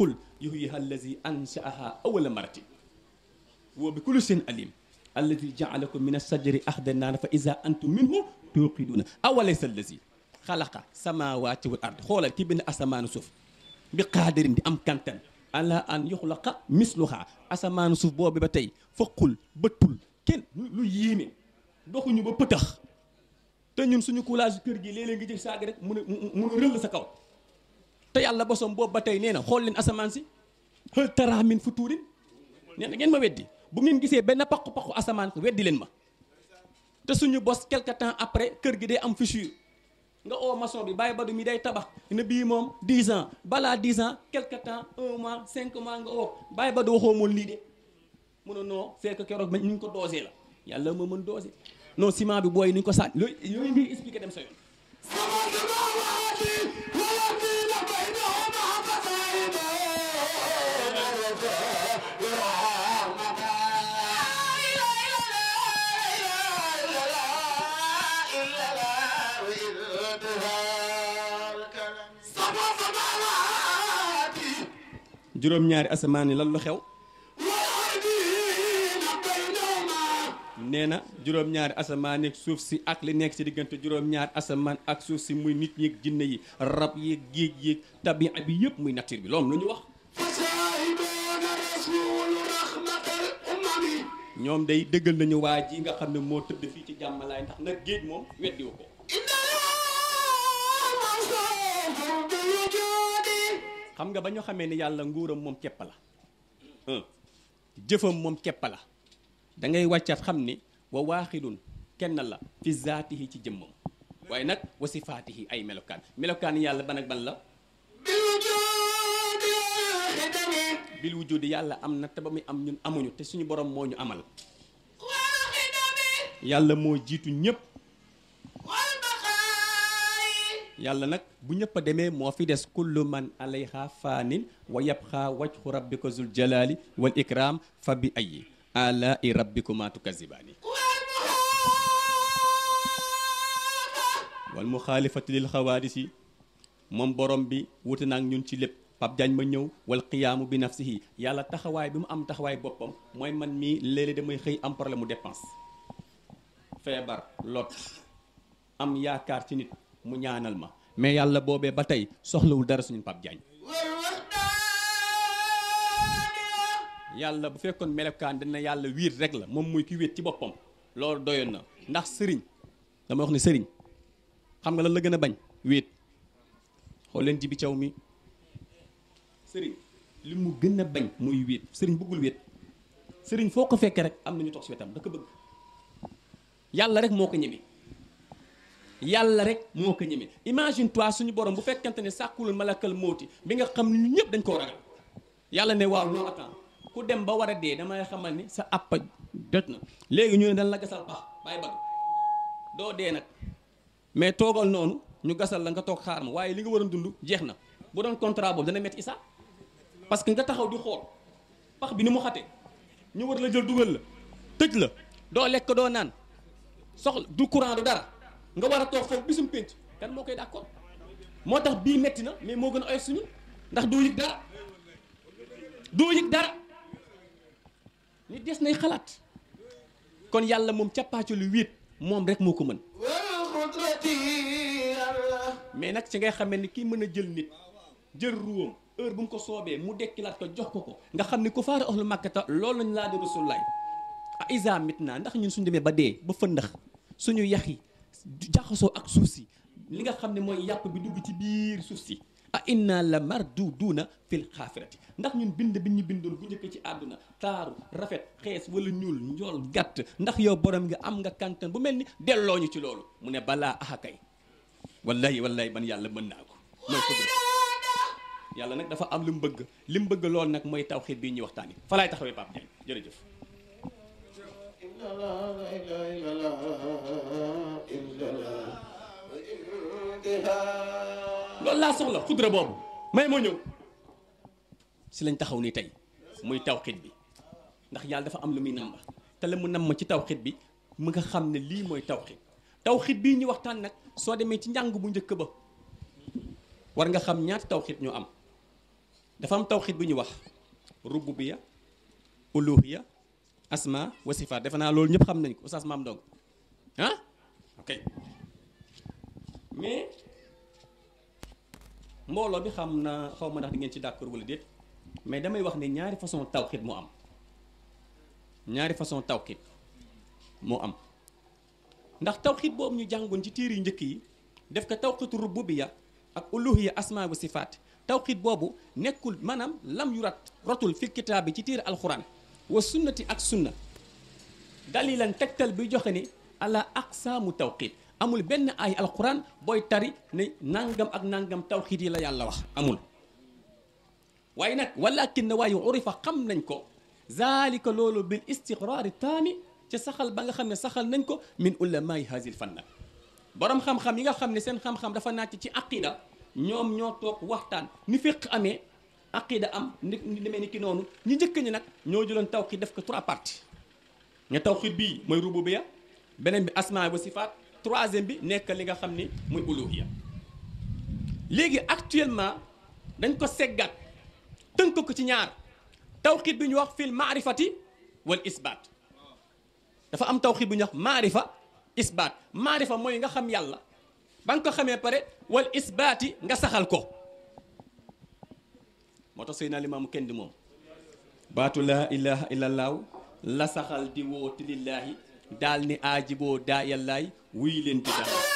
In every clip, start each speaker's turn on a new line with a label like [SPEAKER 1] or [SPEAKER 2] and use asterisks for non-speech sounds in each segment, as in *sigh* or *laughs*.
[SPEAKER 1] كل يحييها الذي أنشأها أول مرة وبكل سن أليم الذي جعلكم من الشجر أخضر فإذا أنتم منه توقدون أوليس الذي خلق السماوات والأرض خول كيبن أسمان سوف بقادر دي أم كانتن على أن يخلق مثلها أسمان سوف بو ببتاي فقل بطل كين لو ييمي دوخو نيبو بتخ تا نيون سونو كولاج كيرغي ليلي نجي ساغ رك مون مون رل سا كاو te yàlla bosom boobu ba tey nee na xool leen asamaan si hal tara min futuurin nee na ngeen ma weddi bu ngeen gisee benn paqu-paqu asamaan ko weddi leen ma te suñu bos quelque temps après kër gi day am fissure nga oo maçon bi ba badu mi day tabax ne bii moom 10 ans balaa 10 an quelque temps un mois cinq mois nga oo bàyyi badu waxoo moon lii de mu ne non fekk keroog ñu ko doosee la yàlla moo mën doosee non ciment bi booy ni ñu ko sànni yooyu yooyu ngi expliqué dem sa yoon juróom-ñaari asamaan yi lan la xew nee na juróom-ñaari asamaan ak suuf si ak li nekk si diggante juróom-ñaari asamaan ak suuf si muy nit yeeg jinne yi rab yeeg géej yeeg tabia bi yëpp muy nature bi loolu lu ñu wax ñoom day dëggal nañu waa ji nga xam ne moo tëdd fii ci jàmmalaay ndax nag géej moom weddiwu ko xam nga ba ñu xamee ni yàlla nguuram moom kepp la jëfam moom kepp la da ngay wàccaat xam wa wahidun kenn la fi zatihi ci jëmmam waaye nak wa sifatihi ay melokan melokan yàlla ban ak ban la bil wujudi yàlla amna te bamuy am ñun amuñu te suñu borom moñu amal yàlla mo jitu ñépp yàlla nak bu ñëpp deme mo fi dess kullu man alayha fanin wa yabqa wajhu rabbika zul jalali wal ikram fa bi ayyi آلاء ربكما تكذبان والمخالفة للخوارث moom borom bi wuti naag ñun ci lépp Pape Diagne ma ñëw wal qiyaamu bi nafsihi yàlla taxawaay bi mu am taxawaay boppam mooy man mii léeg-léeg damay xëy am problème mu dépense feebar lot am yaakaar ci nit mu ñaanal ma mais yàlla boobee ba soxlawul dara suñu Pape Diagne yalla bu fekkoon melokaan dina yalla wiir rek la mom moy ki wet ci boppam loolu doyon na ndax serigne dama wax ni serigne xam nga lan la gëna bañ wet xool leen jibi caw mi sëriñ li mu bañ moy wet serigne bëggul wet serigne foko fekk rek am na ñu toog si wetam da ko bëgg yalla rek moko ñëmi yalla rek moko ñëmi imagine toi suñu borom bu fekkente ne sàkkulul malakal moti bi nga xam ne ñu ñëpp dañ ko ragal yalla ne waaw non attends ku dem ba war a dee damay xamal ni sa àppa jot na léegi ñu ne dañ la gasal pax bàyyi bëgg doo dee nag mais toogal noonu ñu gasal la nga toog xaar ma waaye li nga war a dund jeex na bu doon contrat boobu dana metti isa parce que nga taxaw di xool pax bi ni mu xate ñu war la jël dugal la tëj la doo lekk doo naan soxla du courant du dara nga war a toog foofu bisum pénc kan moo koy d'accord moo tax bii metti na mais moo gën a oyof suñu ndax doo yëg dar doo ni des nay xalaat kon yàlla moom cappaacu lu wiit moom rek moo ko mën mais nag ci ngay xamee ni kii mën a jël nit jël ruwam heure bu mu ko soobee mu dekki laat ko jox ko ko nga xam ni ku faara ahlu màkkata loolu lañ laa di rasulullaay a isa mit naa ndax ñun suñu demee ba dee ba fëndëx suñu yax yi jaxasoo ak suuf si li nga xam ne mooy yàpp bi dugg ci biir suuf si a inna la marduduuna fil xaafirati ndax ñun bind bi ñu bindoon bu njëkk ci àdduna taaru rafet xees wala ñuul njool gàtt ndax yow boroom ngi am nga kàntan bu mel ni delloo ñu ci loolu mu ne balaa axakay wallahi wallahi ban yàlla mën naa ko yàlla nag dafa am lu mu bëgg li mu bëgg lool nag mooy taw xiir bii ñuy waxtaani fa laay taxawee Pape Diagne jërëjëf la loolu laa soxla xudra boobu may moo ñëw si lañ taxaw ni tey muy tawxit bi ndax yàlla dafa am lu muy nam ma te la mu nam ma ci tawxit bi mu nga xam ne lii mooy tawxit tawxit bi ñu waxtaan nag soo demee ci njàng bu njëkk ba war nga xam ñaata tawxit ñu am dafa am tawxit bu ñu wax rububiya uluhiya asma wa sifaat defe naa loolu ñëpp xam nañ ko oustaz maam dong ah ok mbooloo bi xam na xaw ma ndax di ngeen ci d'accord wala déet mais damay wax ne ñaari façon tawxiit moo am ñaari façon tawxiit moo am ndax tawxiit boobu ñu jàngoon ci tiir njëkk yi def ko tawxiitu rububiya ak uluhiya asmaa wa sifaat tawxiit boobu nekkul maanaam lam yu rat rotul fi kitaab bi ci tiir alxuraan wa sunnati ak sunna dalilan tegtal bi joxe ni ala aqsaamu tawxiit amul ben ay alquran boy tari ne nangam ak nangam tawhid la yàlla wax amul way nak walakin way urifa xam nañ ko zalika lolu bil istiqrar taami ci saxal ba nga xamne saxal nañ ko min ulamaay hasil fanna borom xam-xam yi nga xamne sen xam-xam dafa nacc ci aqida ñom ño tok waxtan ni fiq amé aqida am ni demé ni ki nonu ñi jëk ñi nak ño julon tawhid def ko trois parties ñi tawhid bi moy rububiyya benen bi asma wa sifat troisième bi nek li nga xamni muy uluhiya légui actuellement dañ ko ségat teunk ko ci ñaar tawhid bi ñu wax fil ma'rifati wal isbat dafa am tawhid bu ñu wax ma'rifa isbat ma'rifa moy nga xam yàlla ba ko xamé pare wal isbaati nga saxal ko moto sayna limam kendi mom di la ilaha illa allaahu la saxal di wooti lillaahi daal ni aajiboo wuy leen ci dara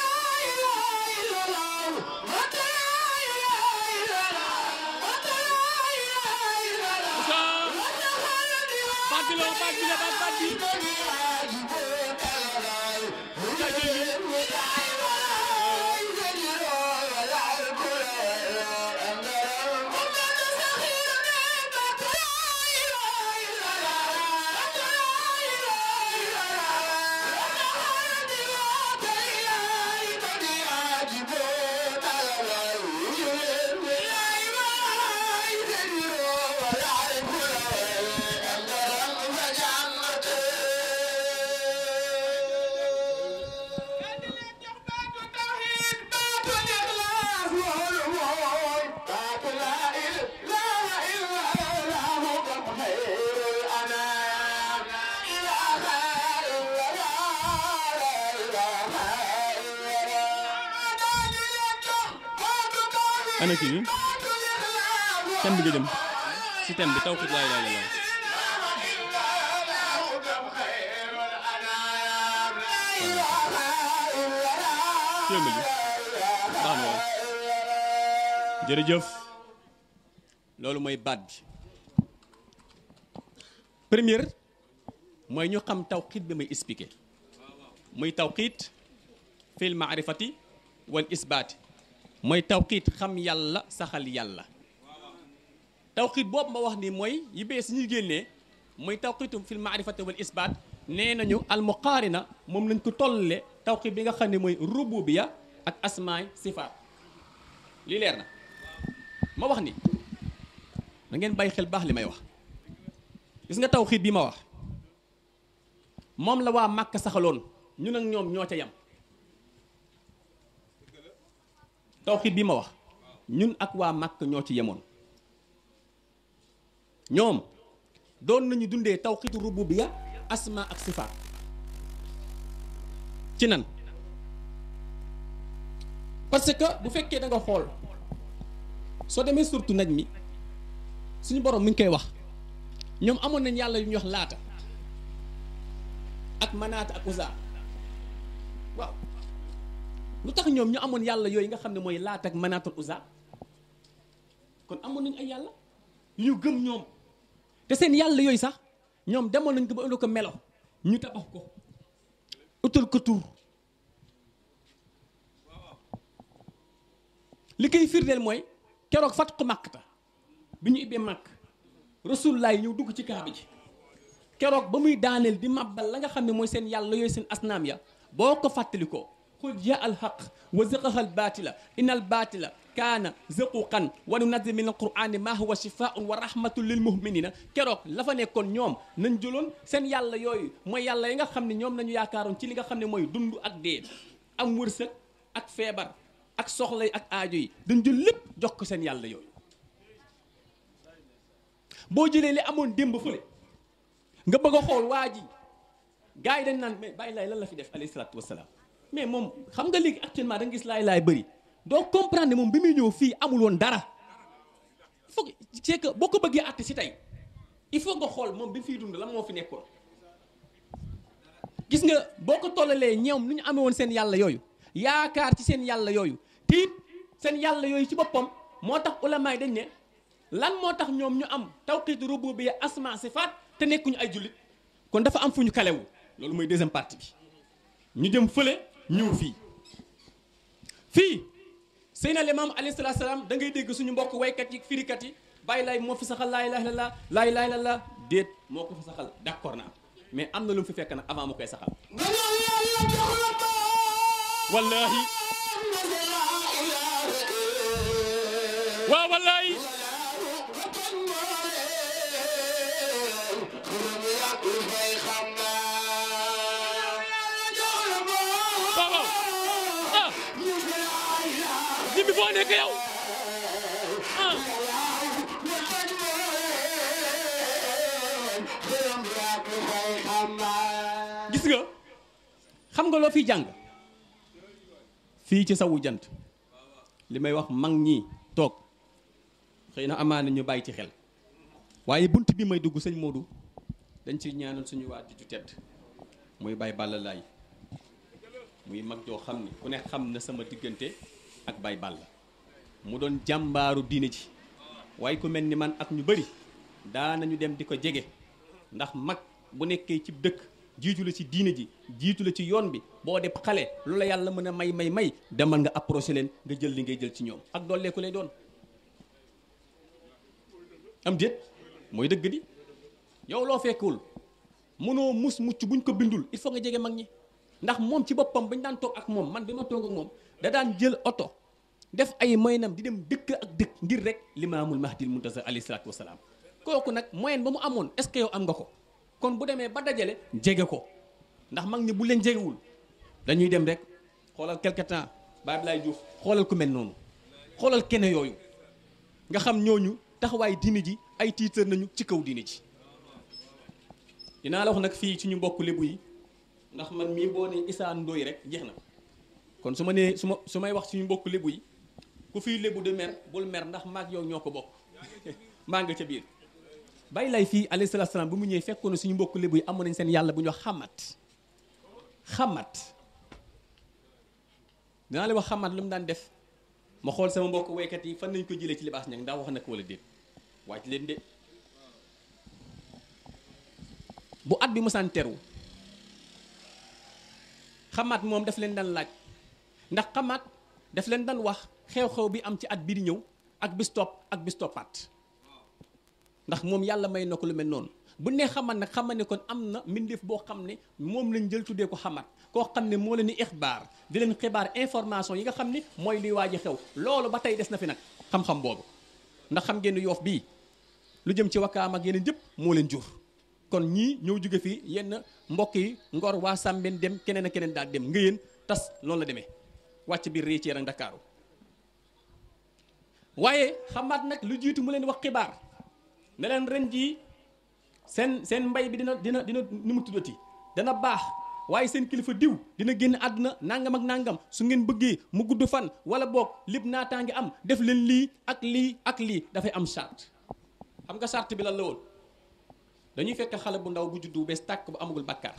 [SPEAKER 1] nga jëm jërëjëf loolu mooy baat bi première mooy ñu xam tawxiit bi may expliqué muy tawxiit fil maarifati wal isbaati mooy tawxiit xam yàlla saxal yàlla توقيت بوب ما وحني موي يبي يسني جيني موي توقيتهم في المعرفة والإثبات نينانيو المقارنة ممن كتولي توقيت بيغا خاني موي ربوبية أك أسماء صفات لي ليرنا ما وحني نغين باي خل باه لي ما يوح يسنى توقيت بي ما وح موم لوا مكة سخلون نيون نيوم نيوتا يام توقيت بي ما وح نيون اك مكة نيوتا يامون ñoom doon nañu dundee tawxiitu rububiya asma ak sifaat ci nan parce que bu fekkee danga xool soo demee surtout naj mi suñu borom mi koy wax ñoom amoon nañ yàlla yu ñuy wax laata ak manaata ak usa waaw lu tax ñoom ñu amoon yàlla yooyu nga xam ne mooy laata ak manaata ak kon amoon nañ ay yàlla yu ñu gëm ñoom te seen yàlla yooyu sax ñoom demoon nañ ko ba indi ko melo ñu tabax ko utal ko tur li koy firndeel mooy keroog fat ko màkk bi ñu ibbee màkk rasulullah yi ñëw dugg ci kaaba ji keroog ba muy daaneel di màbbal la nga xam ne mooy seen yàlla yooyu seen asnaam ya boo ko fàttalikoo xul jaa al xaq wa zaqaha baati la inna baati la kaana zëquqan wa nunazzilu min alqurani ma huwa shifaun wa rahmatun lil muminina keroog la fa nekkoon ñoom nañ jëloon seen yàlla yooyu mooy yàlla yi nga xam ne ñoom nañu yaakaaroon ci li nga xam ne mooy dund ak dee am wërsëg ak feebar ak soxla yi ak aajo yi dañ jël lépp jox ko seen yàlla yooyu boo jëlee li amoon démb fële nga bëgg a xool waa ji gars yi dañ naan mais bàyyi laay lal la fi def alayhi salaatu wasalaam mais moom xam nga léegi actuellement da nga gis laay bëri donc comprendre moom bi muy ñëw fii amul woon dara foog c'est boo ko bëggee àtte si tey il faut nga xool moom bi mu fiy dund lan moo fi nekkoon. gis nga boo ko tollalee ñoom nu ñu amewoon seen yàlla yooyu yaakaar ci seen yàlla yooyu tiit seen yàlla yooyu ci boppam moo tax ulama yi dañ ne lan moo tax ñoom ñu am tawqiit rububiyya asma sifaat te nekkuñu ay jullit kon dafa am fu ñu kalewu loolu mooy deuxième partie bi ñu jëm fële ñëw fii fii. Seydina Limaam salaam da dégg suñu mbokk waykat yi firikat yi bàyyi laay moo fi saxal laa ilaaha lay laa ilaaha illallaah déet moo ko fi saxal d'accord naa mais am na lu mu fi fekk nag avant mu koy saxal wallaahi waaw wallaahi fay xam nekk yow gis nga xam nga loo fi jàng fii ci sawu jant li may wax mag ñi toog xëy na amaana ñu bàyyi ci xel waaye bunt bi may dugg sëñ Modou dañ ci ñaanal suñu waat ju tedd muy Baye Balla Laye muy mag joo xam ni ku ne xam na sama diggante ak Baye Balla mu doon jàmbaaru diine ji waaye ku mel ni man ak ñu bari bëri daanañu dem di ko jege ndax mag bu nekkee cib dëkk jiitu la ci diine ji jiitu la ci yoon bi boo def xale lu la yàlla mën a may may may demal nga approché leen nga jël li ngay jël ci ñoom ak dolleeku lay doon am déet mooy dëgg di yow loo fekkul mënoo mus mucc buñ ko bindul il faut nga jege mag ñi ndax moom ci boppam bañ daan toog ak moom man bi ma toog ak moom da daan jël oto def ay moyenam di dem dëkk ak dëkk ngir rek limaamul mahdil muntazar alayhi salaatu wasalaam kooku nag moyen ba mu amoon est ce que yow am nga ko kon bu demee ba dajale jege ko ndax mag ñi bu leen jegewul dañuy dem rek xoolal quelque temps Baye Abdoulaye Diouf xoolal ku mel noonu xoolal kenn yooyu nga xam ñooñu taxawaay diini ji ay tiitër nañu ci kaw diini ji dinaa la wax nag fii ñu mbokk lébu yi ndax man mii boo ne Issa Ndoye rek jeex na kon su ma nee su ma su may wax suñu mbokk lébu yi bu fii lébu di mer bul mer ndax maag yow ñoo ko bokk *laughs* maa ngi ca biir bàyyi lay fii alayhi salaatu salaam bu mu ñëwee fekkoon na suñu mbokk lébu yi amoon nañ seen yàlla bu ñu wax xamat xamat danaa leen wax xamat lu mu daan def ma xool sama mbokk waykat yi fan nañ ko jëlee ci libaas ñag wax na ko wala déet waaj leen de bu at bi mosaan teru xamaat moom daf leen daan laaj ndax xamaat daf leen daan wax xew-xew bi am ci at biir di ñëw ak bistop ak bis ndax moom yàlla may na ko lu mel noonu bu nee xamat nag xamat ne kon am na mbindeef boo xam ne moom lañ jël tuddee ko xamat koo xam ne moo leen di xibaar di leen xibaar information yi nga xam ne mooy luy waaj xew loolu ba tey des na fi nag xam-xam boobu ndax xam ngeen yoof bii lu jëm ci wakkaam ak yeneen yëpp moo leen jur kon ñii ñëw jóge fii yenn mbokk yi ngor waa sàmbeen dem keneen ak keneen daal dem nga tas lool la demee wàcc biir réy ci yaram Ndakaaru waaye xamaat nag lu jiitu mu leen wax xibaar ne leen ren jii seen seen mbay bi dina dina dina ni mu tuddati dana baax waaye seen kilifa diw dina génn àdduna nangam ak nangam su ngeen bëggee mu gudd fan wala boog naataa ngi am def leen lii ak lii ak lii dafay am charte xam nga charte bi lan la woon dañuy fekk xale bu ndaw bu juddu bees tàkk bu amagul bàkkaar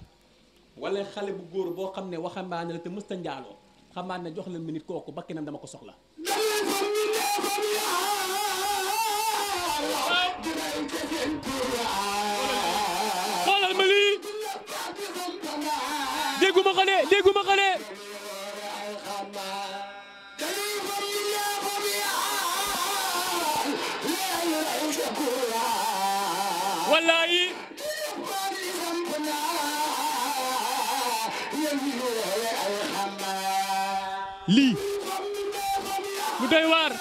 [SPEAKER 1] wala xale bu góor boo xam ne waxambaane la te mësta njaaloo xamaat ne jox leen ma nit kooku bakkinam dama ko soxla
[SPEAKER 2] xoolal
[SPEAKER 1] ma lii dégguma ko de dégguma ko de wallaahi lii lu doy waar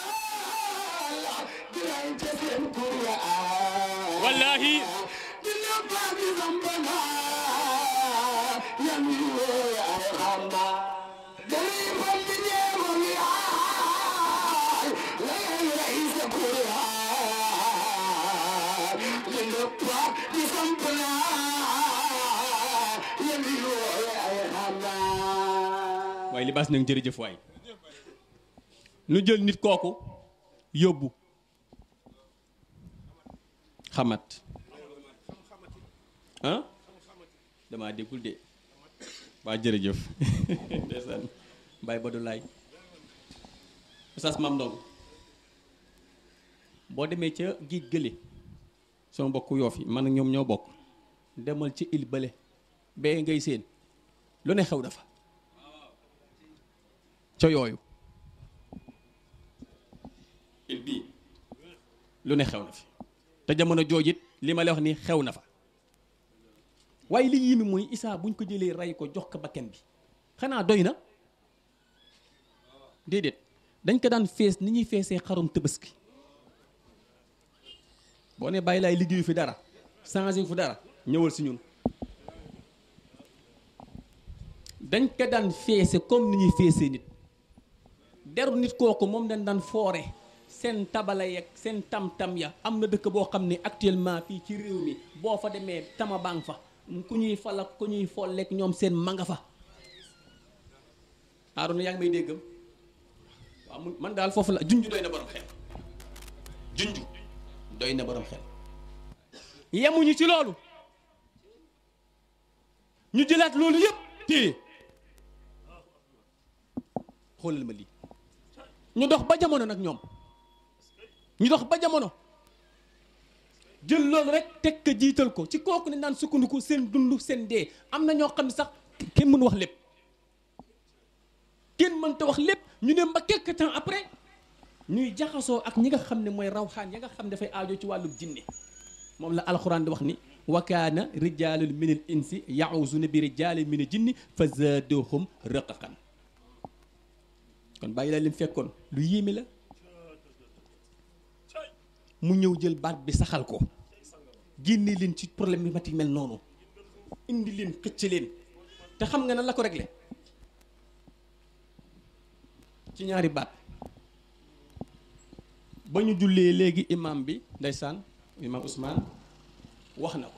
[SPEAKER 1] waaye li baas nag jërëjëf waay nu jël nit koku yobbu xamat ah damaa déggul de waa jërëjëf *laughs* ndeysaan Mbaye Badou Laye Oustaz boo demee ca géej gële sama mbokku Yoof yi man ak ñoom ñoo bokk demal ci il bële bee ngay séen lu ne xew dafa ca yooyu il bii lu ne xew na fi te jamono joojit li ma lay wax ni xew na fa waaye li yéeme mooy Isaa buñ ko jëlee rey ko jox ko bakken bi xanaa doy na déedéet dañ ko daan fees ni ñuy feesee xarum tabaski boo ne bàyyi laay liggéeyu fi dara changé fu dara ñëwal si ñun dañ ko daan feese comme ni ñuy feesee nit deru nit kooku moom dañ daan foore seen tabala yeeg seen tam-tam ya am na dëkk boo xam ne actuellement fii ci réew mi boo fa demee tama baa fa ku ñuy fal ak ku ñuy folleek ñoom seen manga fa Arouna yaa ngi may déggam waaw man daal foofu la junj doy na borom xel junj yemuñu ci loolu ñu jëlaat loolu yëpp téye xoolal ma lii ñu dox ba jamono nag ñoom ñu dox ba jamono. jël loolu rek teg jiital ko ci kooku ne naan sukkandiku seen dund seen dee am na ñoo xam ne sax kenn mënu wax lépp kenn mënta wax lépp ñu ne ba quelque temps après ñuy jaxasoo ak ñi nga xam ne mooy rawxaan yi nga xam ne dafay aajo ci wàllu jinne moom la alxuraan di wax ni wa kaana rijaalun min al insi yaawzuuna bi rijaalin min al jinni fa zaaduhum raqaqan kon bàyyi la lim fekkoon lu yéeme la mu ñëw jël baat bi saxal ko génne leen ci problème bi ma mati mel noonu indi leen xëcc leen te xam nga nan la ko réglé ci ñaari baat ba ñu jullee léegi imam bi ndeysaan imam Ousmane wax na ko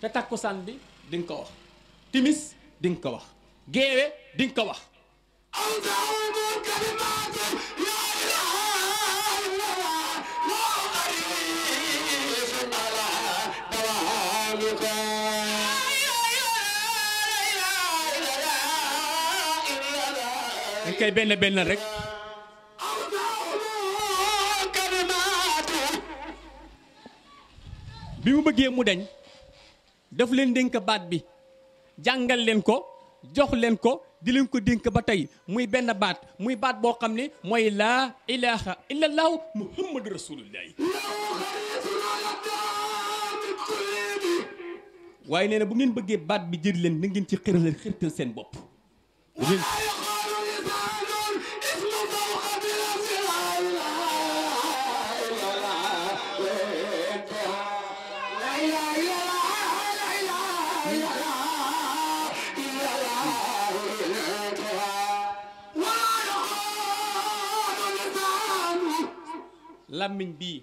[SPEAKER 1] te tàkkusaan bi di ko wax timis di ko wax géewe di ko wax kay benn benn rek. bi mu bëggee mu deñ daf leen dénk baat bi jàngal leen ko jox leen ko di leen ko dénk ba tey muy benn baat muy baat boo xam ne mooy laa ilaha illallahu muhammadu rasulullahi waaye nee na bu ngeen bëggee baat bi jëri leen na ci xirtal xirtal seen bopp làmmiñ bii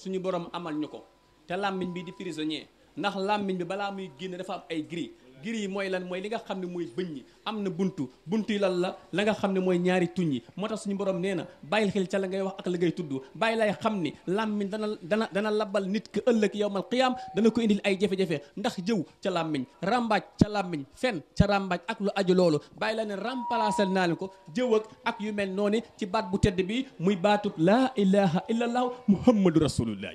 [SPEAKER 1] suñu borom amal ñu ko te làmmiñ bi di prisonnier ndax làmmiñ bi balaa muy génn dafa am ay gris gir yi mooy lan mooy li nga xam ne mooy bëñ ñi am na buntu buntu yi lan la la nga xam ne mooy ñaari tuñ yi moo tax suñu borom nee na bàyyil xel ca la ngay wax ak la ngay tudd bàyyi lay xam ni làmmiñ dana dana dana labal nit ki ëllëg yowmal qiyaam dana ko indil ay jafe-jafe ndax jëw ca làmmiñ rambaaj ca làmmiñ fenn ca rambaaj ak lu aju loolu bàyyi la ne remplacer naa leen ko jëw ak ak yu mel noonu ci baat bu tedd bi muy baatub laa ilaha illa allah muhammadu rasulullah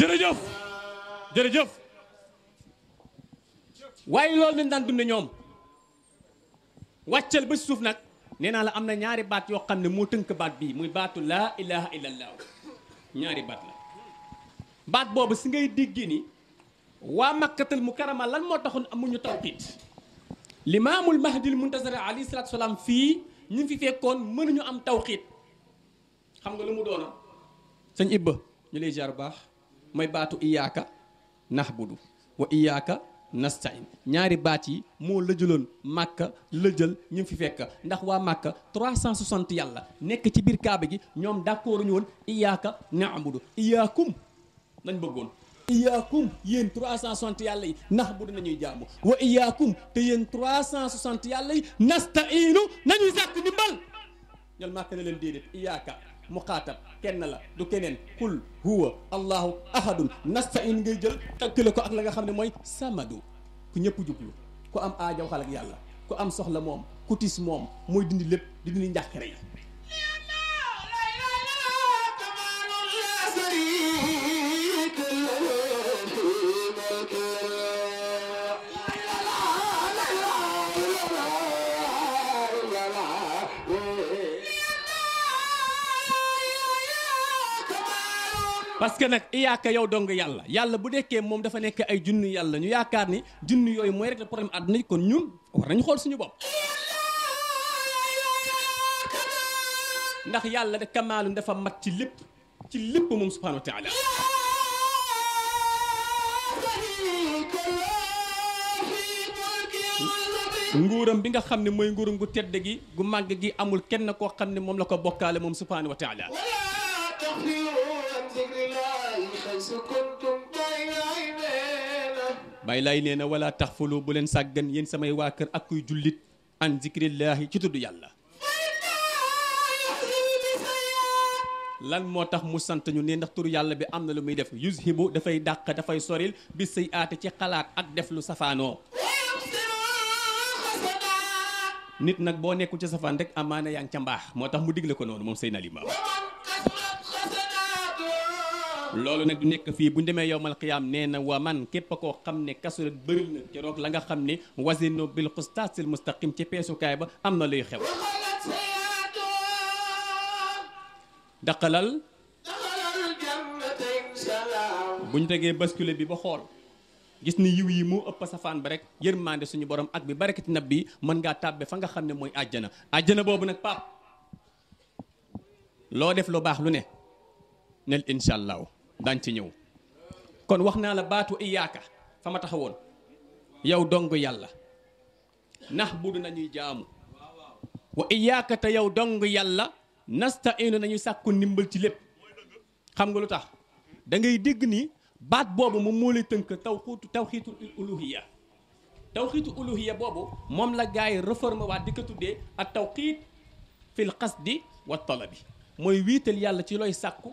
[SPEAKER 1] jërëjëf jërëjëf waaye loolu lañ daan dund ñoom wàccal ba suuf nag nee naa la am na ñaari baat yoo xam ne moo tënk baat bii muy baatu laa ilaha illallah ñaari baat la baat boobu si ngay diggi ni waa makkatal mukarama lan moo taxoon amuñu li ma amul mahdil muntazar alayhi salaatu salaam fii ñu ngi fi fekkoon mënuñu am tawxiit xam nga lu mu doona sëñ Ibba ñu lay jaar baax mooy baatu iyaaka nahbudu wa iyaaka nastain ñaari baat yi moo lëjaloon màkka lëjal ñu fi fekk ndax waa cent 360 yàlla nekk ci biir kaaba gi ñoom d'accord ñu woon iyaaka naabudu iyaakum nañ bëggoon iyaakum cent 360 yàlla yi nahbudu nañuy jàmb wa iyaakum te cent 360 yàlla yi nastainu nañuy sàkk ndimbal ñal màkka ne leen déedéet iyaaka muqaatab kenn la du keneen qul huwa allahu ahadun nasta'in ngay jël tëkkale ko ak la nga xam ne mooy samadu ku ñëpp jublu ku am aaja waxal ak yàlla ku am soxla moom ku tis moom mooy dindi lépp di dindi njàqare yi parce que nag iyaaka yow dong yàlla yàlla bu dekkee moom dafa nekk ay junni yàlla ñu yaakaar ni junni yooyu mooy rek le problème àdduna kon ñun war nañu xool suñu bopp ndax yàlla de kamaalum dafa mat ci lépp ci lépp moom subhanahu wa taala nguuram bi nga xam ne mooy nguuram gu tedd gi gu màgg gi amul kenn koo xam ne moom la ko bokkaale moom subhanahu wa taala
[SPEAKER 2] bay lay nee حيث كنتم tax عينينا
[SPEAKER 1] باي لاي نينا ولا تغفلوا بولن ak kuy ساماي وا كير اك كوي جوليت عن lan moo tax mu sant ñu ne ndax turu yàlla bi am na lu muy def yuzhibu dafay dàq dafay soril bi say aate ci xalaat ak def lu safaanoo nit nag boo nekkul ci safaan rek amaana yaa ngi ca mbaax moo tax mu digle ko noonu moom Seydina Limaamu lolu nak du nek fi bu démé yowmal qiyam néna wa man képp ko xamné kasul kasurat bëri na rok la nga xamné wazinu bil xustaasil mustaqim ci peesukaay ba amna lay xew dakalal bu ñu bascule bi ba xol gis ni yiw yi mo ëpp sa fan ba rek yërmande suñu borom ak bi barakati nabbi bi mën ngaa tàbbe fa nga xamné moy aljana aljana bobu nak pap lo def lu bax lu ne nel incha allahu daañ ci ñëw kon wax naa la baatu iyaaka fa ma woon yow dong yàlla nax budu nañuy jaamu wa iyaaka te yow dong yàlla nasta inu nañu sàkku ndimbal ci lépp xam nga lu tax dangay ngay dégg ni baat boobu mu moo lay tënk taw xuutu taw xiitu uluhiya taw xiitu uluhiya boobu moom la gars yi réforme waat di ko tuddee ak taw xiit fil xasdi wa bi mooy wiital yàlla ci looy sàkku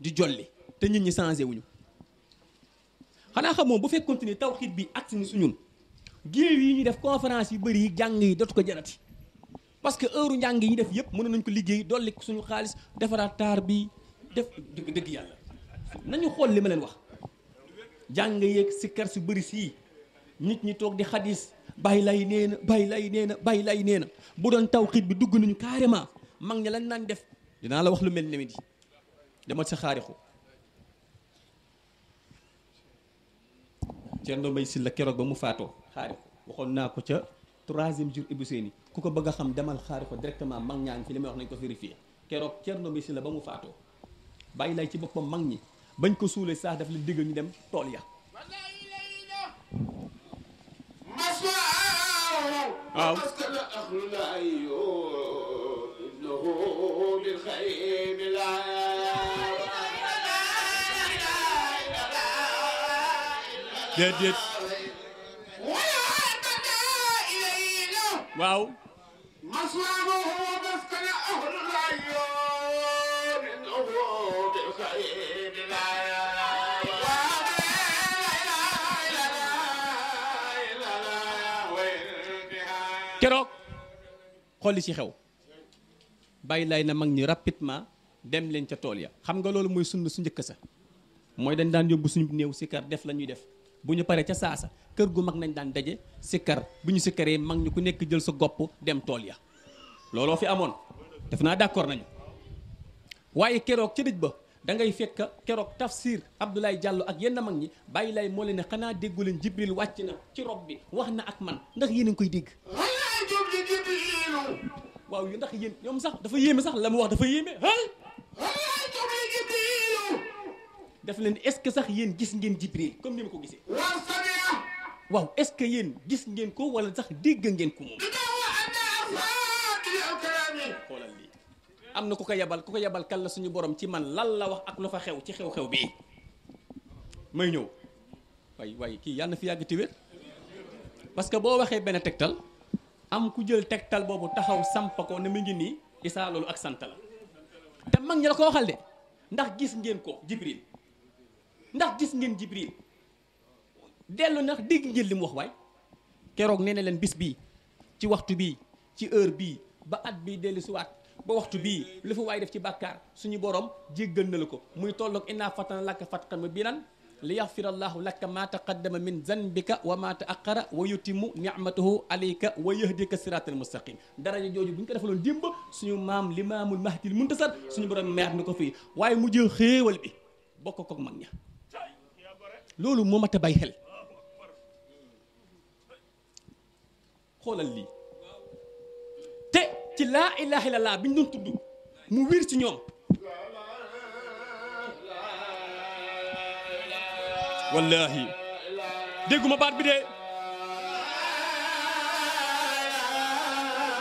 [SPEAKER 1] di jolli te nit ñi changé wuñu xanaa xam moom bu fekk continuer tawxiid bi ak suñu suñun géew yi ñu def conférence yu bëri yi jàng yi dootu ko jarati parce que heure njàng yi def yëpp mën nañ ko liggéey dolli suñu xaalis defaraat taar bi def dëgg yàlla nañu xool li ma leen wax jàng si sikkar su bëri sii nit ñi toog di xadis bay lay neena bay lay nee na bàyyi lay nee na bu doon tawxiid bi dugg nañu carrément mag ñi lañ naan def dinaa la wax lu mel ni dama sa xaarixu Thierno Mbaye Sylla keroog ba mu faatoo xaarixu waxoon naa ko ca troisième jour Ibou Seyni ku ko bëgg a xam demal xaarixu directement mag ñaa ngi fi li may wax nañ ko vérifier keroog Thierno Mbaye Sylla ba mu faatoo bàyyi lay ci boppam mag ñi bañ ko suulee sax daf la digg ñu dem tool ya
[SPEAKER 2] waaw أخلنا أيوب ابنه للخيم العام waaw
[SPEAKER 1] keroog xool ci xew bàyyi lay na mag ñi rapidement dem leen ca tool ya xam nga loolu mooy sunn su njëkk sa mooy dañ daan yóbbu suñu néew si kar def lañuy def bu ñu paree ca saasa kër gu mag nañ daan daje sikkar bu ñu sikkaree mag ñu ku nekk jël sa gopp dem tool ya looloo fi amoon def naa d'accord nañu waaye keroog ca dëj ba dangay fekk keroog tafsir Abdoulaye jàll ak yenn mag ñi bàyyi lay moo leen ne xanaa déggu leen Jibril wàcc na ci rob bi wax na ak man ndax yéen a ngi koy dégg waaw yu ndax yéen ñoom sax dafa yéeme sax la mu wax dafa yéeme def leen est-ce que sax yéen gis ngeen Jibril comme ni ma ko gisee. waaw Samia. waaw ce que yéen gis ngeen ko wala sax dégg ngeen ko moom. xoolal lii am na ku ko yebal ku ko yebal kan la suñu borom ci man lan la wax ak lu fa xew ci xew-xew bi may ñëw waaye way kii yàlla na fi yàgg te wér que boo waxee benn tegtal am ku jël tegtal boobu taxaw samp ko ne mu ngi nii isaa loolu ak sant la te mag ñi la ko waxal de ndax gis ngeen ko Jibril. ndax gis ngeen Jibril dellu ndax dégg ngeen li mu wax waay keroog nee leen bis bi ci waxtu bi ci heure bii ba at bii dellu si waat ba waxtu bii lu fa waay def ci bàkkaar suñu borom jéggal na la ko muy tolloog innaa lakk lakka fatxan bi nan li yaxfira allahu laka maa taqaddama min zanbika wa maa taaqara wa yutimu nicmatahu alayka wa yahdika siraatal mustaqim daraja jooju bu ñu ko defaloon démb suñu maam limaamul mahdil muntasar suñu borom meer na ko fii waaye mu jël xéewal bi bokk koog mag ña loolu moo mat a bàyyi xel xoolal lii te ci laa ilaha illallah bi ñu doon tudd mu wiir ci ñoom wallahi dégguma baat bi de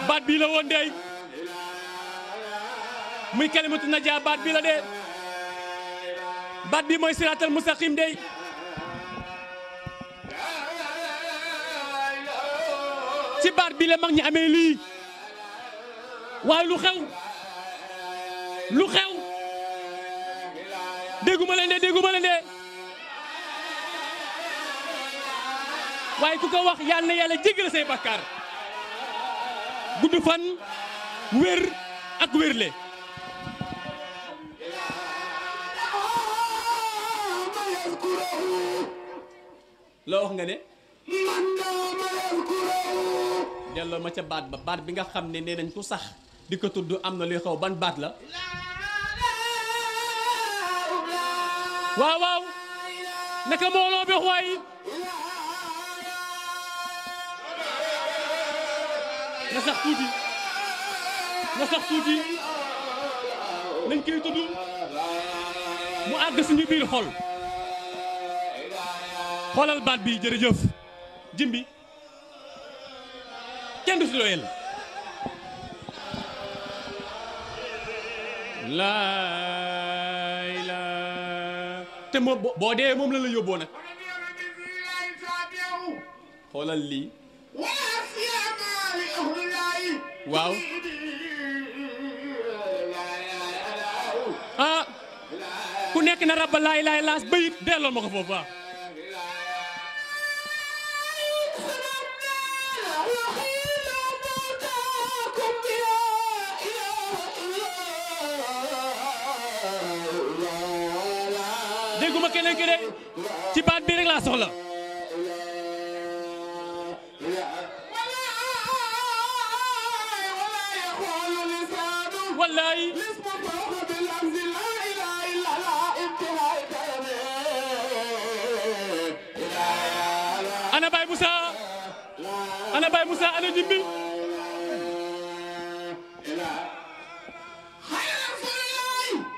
[SPEAKER 1] baat bii la woon dey muy kalimatu najaa baat bi la de baat bi mooy siraatal mustaqim dey ci baat bi la mag ñi amee lii waaye lu xew lu xew dégguma leen de dégguma leen de waaye ku ko wax yal na yàlla jéggal say bakkaar gudd fan wér ak wérle la wax nga ne delloo ma ca baat ba baat bi nga xam ne nee nañ ku sax di ko tudd am na luy xaw ban baat la waaw waaw naka mbooloo bi xooy na sax tuuti nañ koy tudd mu àgg suñu biir xol xolal baat bi jërëjëf jimbi kenn du si doyal laay la te moom boo dee moom la la yóbboo nag xoolal lii waaw ah, ku nekk na rabba laay laay laas bayit delloo ma ko foofu waaw reculer ci baat bi rek laa soxla. wallaay. ana Baye Moussa ana Baye Moussa ana Jimbi.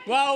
[SPEAKER 1] waaw.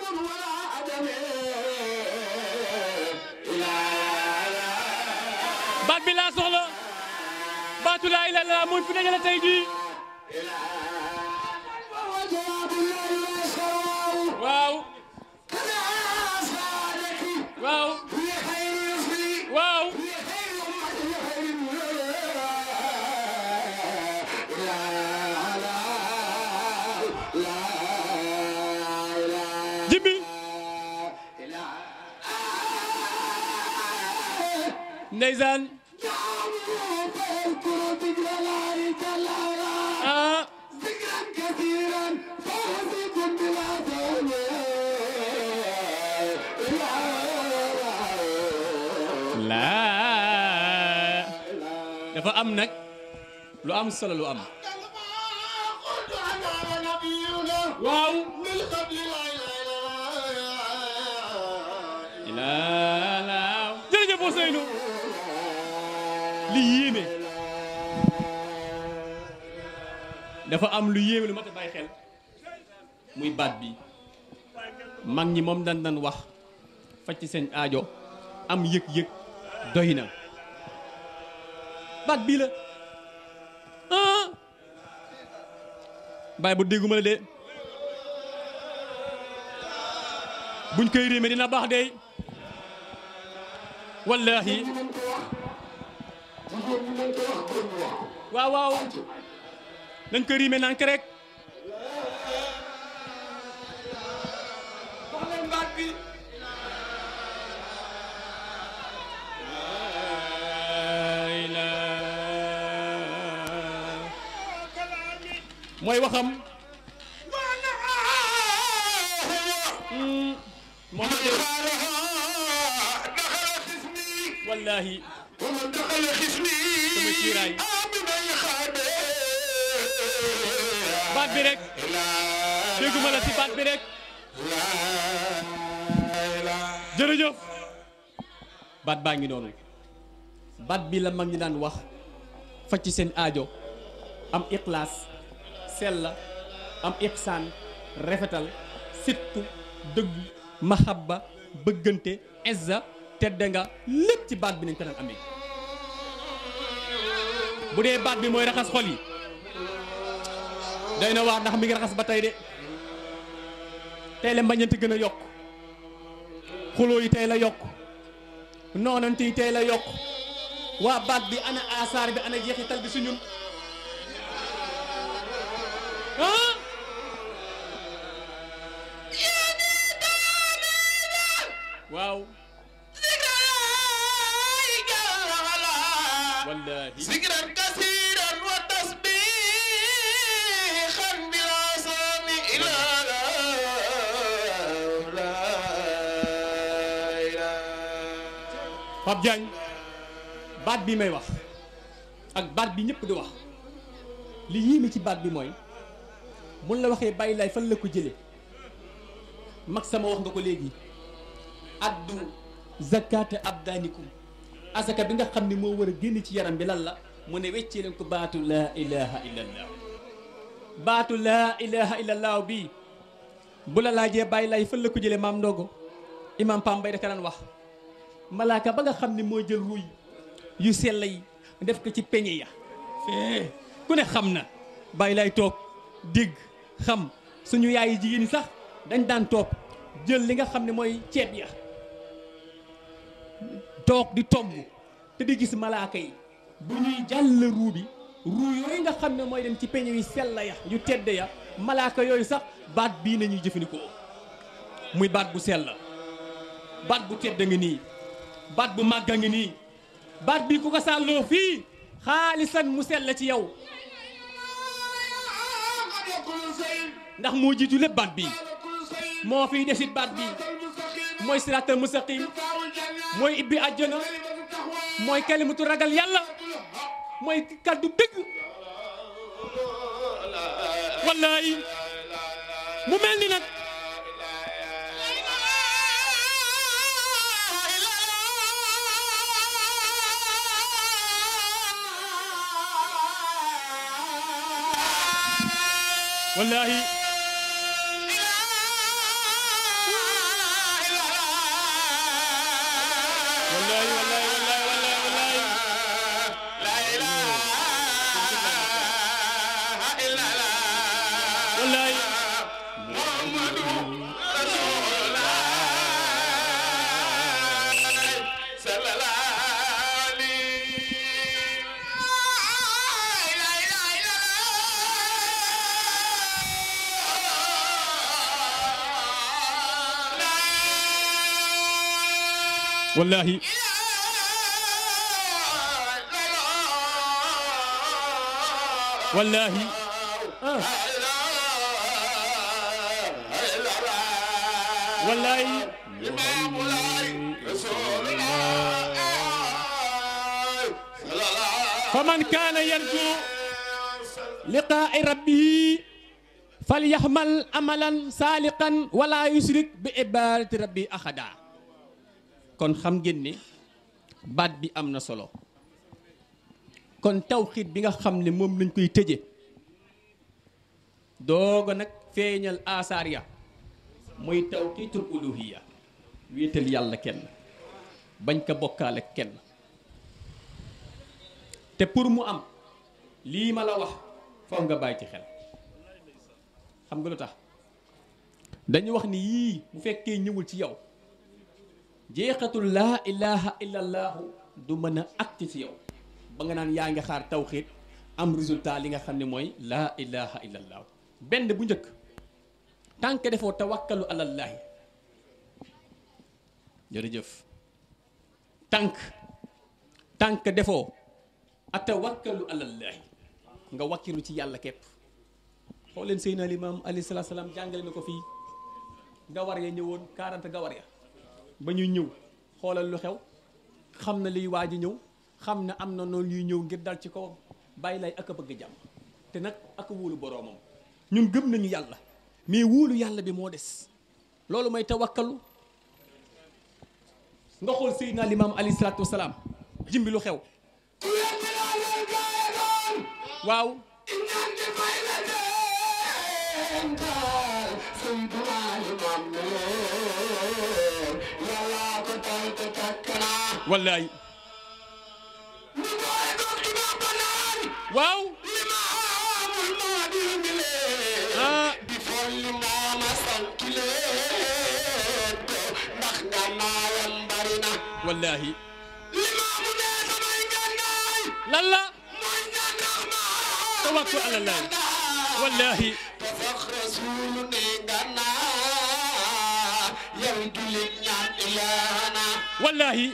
[SPEAKER 1] bi laa soxla baatu laa ilaaha illallaah mooy fi dajale tey jii
[SPEAKER 3] waaw waaw waaw
[SPEAKER 1] jibi ndeysaan dafa am nak lu am solo lu am waaw la la jeje bo Ousseynou li yeme dafa am lu yeme lu mata bay xel muy bat bi mag ñi mom dan dan wax fa ci seen aajo am yek yek doyna baat bii la ah bu dégguma la de buñ koy riime dina baax de wallaahi waaw nañ ko riime nank rek mooy waxam. moom wallaahi. sama kiiraay. baat bi rek. dégguma la si baat bi rek. jërëjëf. baat baa ngi noonu. baat bi la mag ñi daan wax. faj ci seen aajo. am ikhlaas. la am ixsaan rafetal sittu dëggu mahabba bëggante izza tedda nga lépp ci baat bi nañ ko daan amee bu dee baat bi mooy raxas xol yi day na waar ndax mi ngi raxas ba tey de tey ba mbañante gën a yokk xuloo yi tey la yokk noonante yi tey la yokk waa baat bi ana asaar bi ana jeexital bi su ñun waaw. wallaahi. zikran kasiran
[SPEAKER 2] wa tasbihan bila sami ila la
[SPEAKER 1] Pape Diagne baat bi may wax ak baat bi ñëpp di wax li yéeme ci baat bi mooy. bu la waxe bàyyi laay fan la ko jele mak sama wax nga ko legi addu zakata abdanikum asaka bi nga xamni mo wara génn ci yaram bi lan la mu ne weccee len ko batu la ilaha illallah batu la ilaha illallah bi bu la laje bàyyi laay fan la ko jele mam ndogo imaam Pambay daka daan wax malaka ba nga xamni mo jël ruuy yu selay def ko ci peñe ya fe ku ne xamna na bàyyi laay xam suñu yaay yi jigéen ñi sax dañ daan toog jël li nga xam ne mooy ceeb ya toog di tomb te di gis malaaka yi bu ñuy jàll ruu bi ruu yooyu nga xam ne mooy dem ci peñe yu sell ya yu tedd ya malaaka yooyu sax baat bii nañuy jëfandikoo muy baat bu sell baat bu tedd ngi nii baat bu màgg ngi nii baat bii ku ko sàlloo fii xaalisan mu sell ci yow ndax moo jiitu lépp baat bi moo fiy desit baat bi mooy siraatal mustaqim mooy ibbi àjjana mooy kalimatu ragal yàlla mooy kàddu dëgg wallaay mu mel ni nag
[SPEAKER 3] والله
[SPEAKER 1] والله والله والله فمن كان يرجو لقاء ربه فليحمل املا سالقا ولا يشرك بعباده ربه احدا kon xam ngeen ne baat bi am na solo kon tawxiit bi nga xam ne moom lañ koy tëje dooga nag feeñal asaar ya muy tawxiitul uluhiya wéetal yàlla kenn bañ ko bokkaale kenn te pour mu am lii ma la wax foog nga bàyyi ci xel xam nga lu tax dañu wax ni yii bu fekkee ñëwul ci yow jeexatul laa ilaha illallahu du mën a acti si yow ba nga naan yaa ngi xaar tawxiid am résultat li nga xam ne mooy laa ilaha illallahu benn bu njëkk tànk defoo tawakkalu alallaahi jërëjëf tànk tànk defoo atawakkalu alallaahi nga wakkilu ci yàlla képp xool leen Seydina Limaam alayhi salaam jàngale na ko fii gawar ya ñëwoon 40 gawar ya ba ñuy ñëw xoolal lu xew xam na liy waaj a ñëw xam na am na noonu ñuy ñëw ngir dal ci kawam bàyyi lay ak bëgg jàmm te nag ak a wóolu boroomam ñun gëm nañu yàlla mais wóolu yàlla bi moo des loolu mooy tawakkalu nga xool Seydina Limaam alayhi salaatu wasalaam jimbi lu xew waaw ولا اي
[SPEAKER 2] واو آه. والله لا لا توكل على الله
[SPEAKER 1] والله فخر
[SPEAKER 2] رسولني
[SPEAKER 1] والله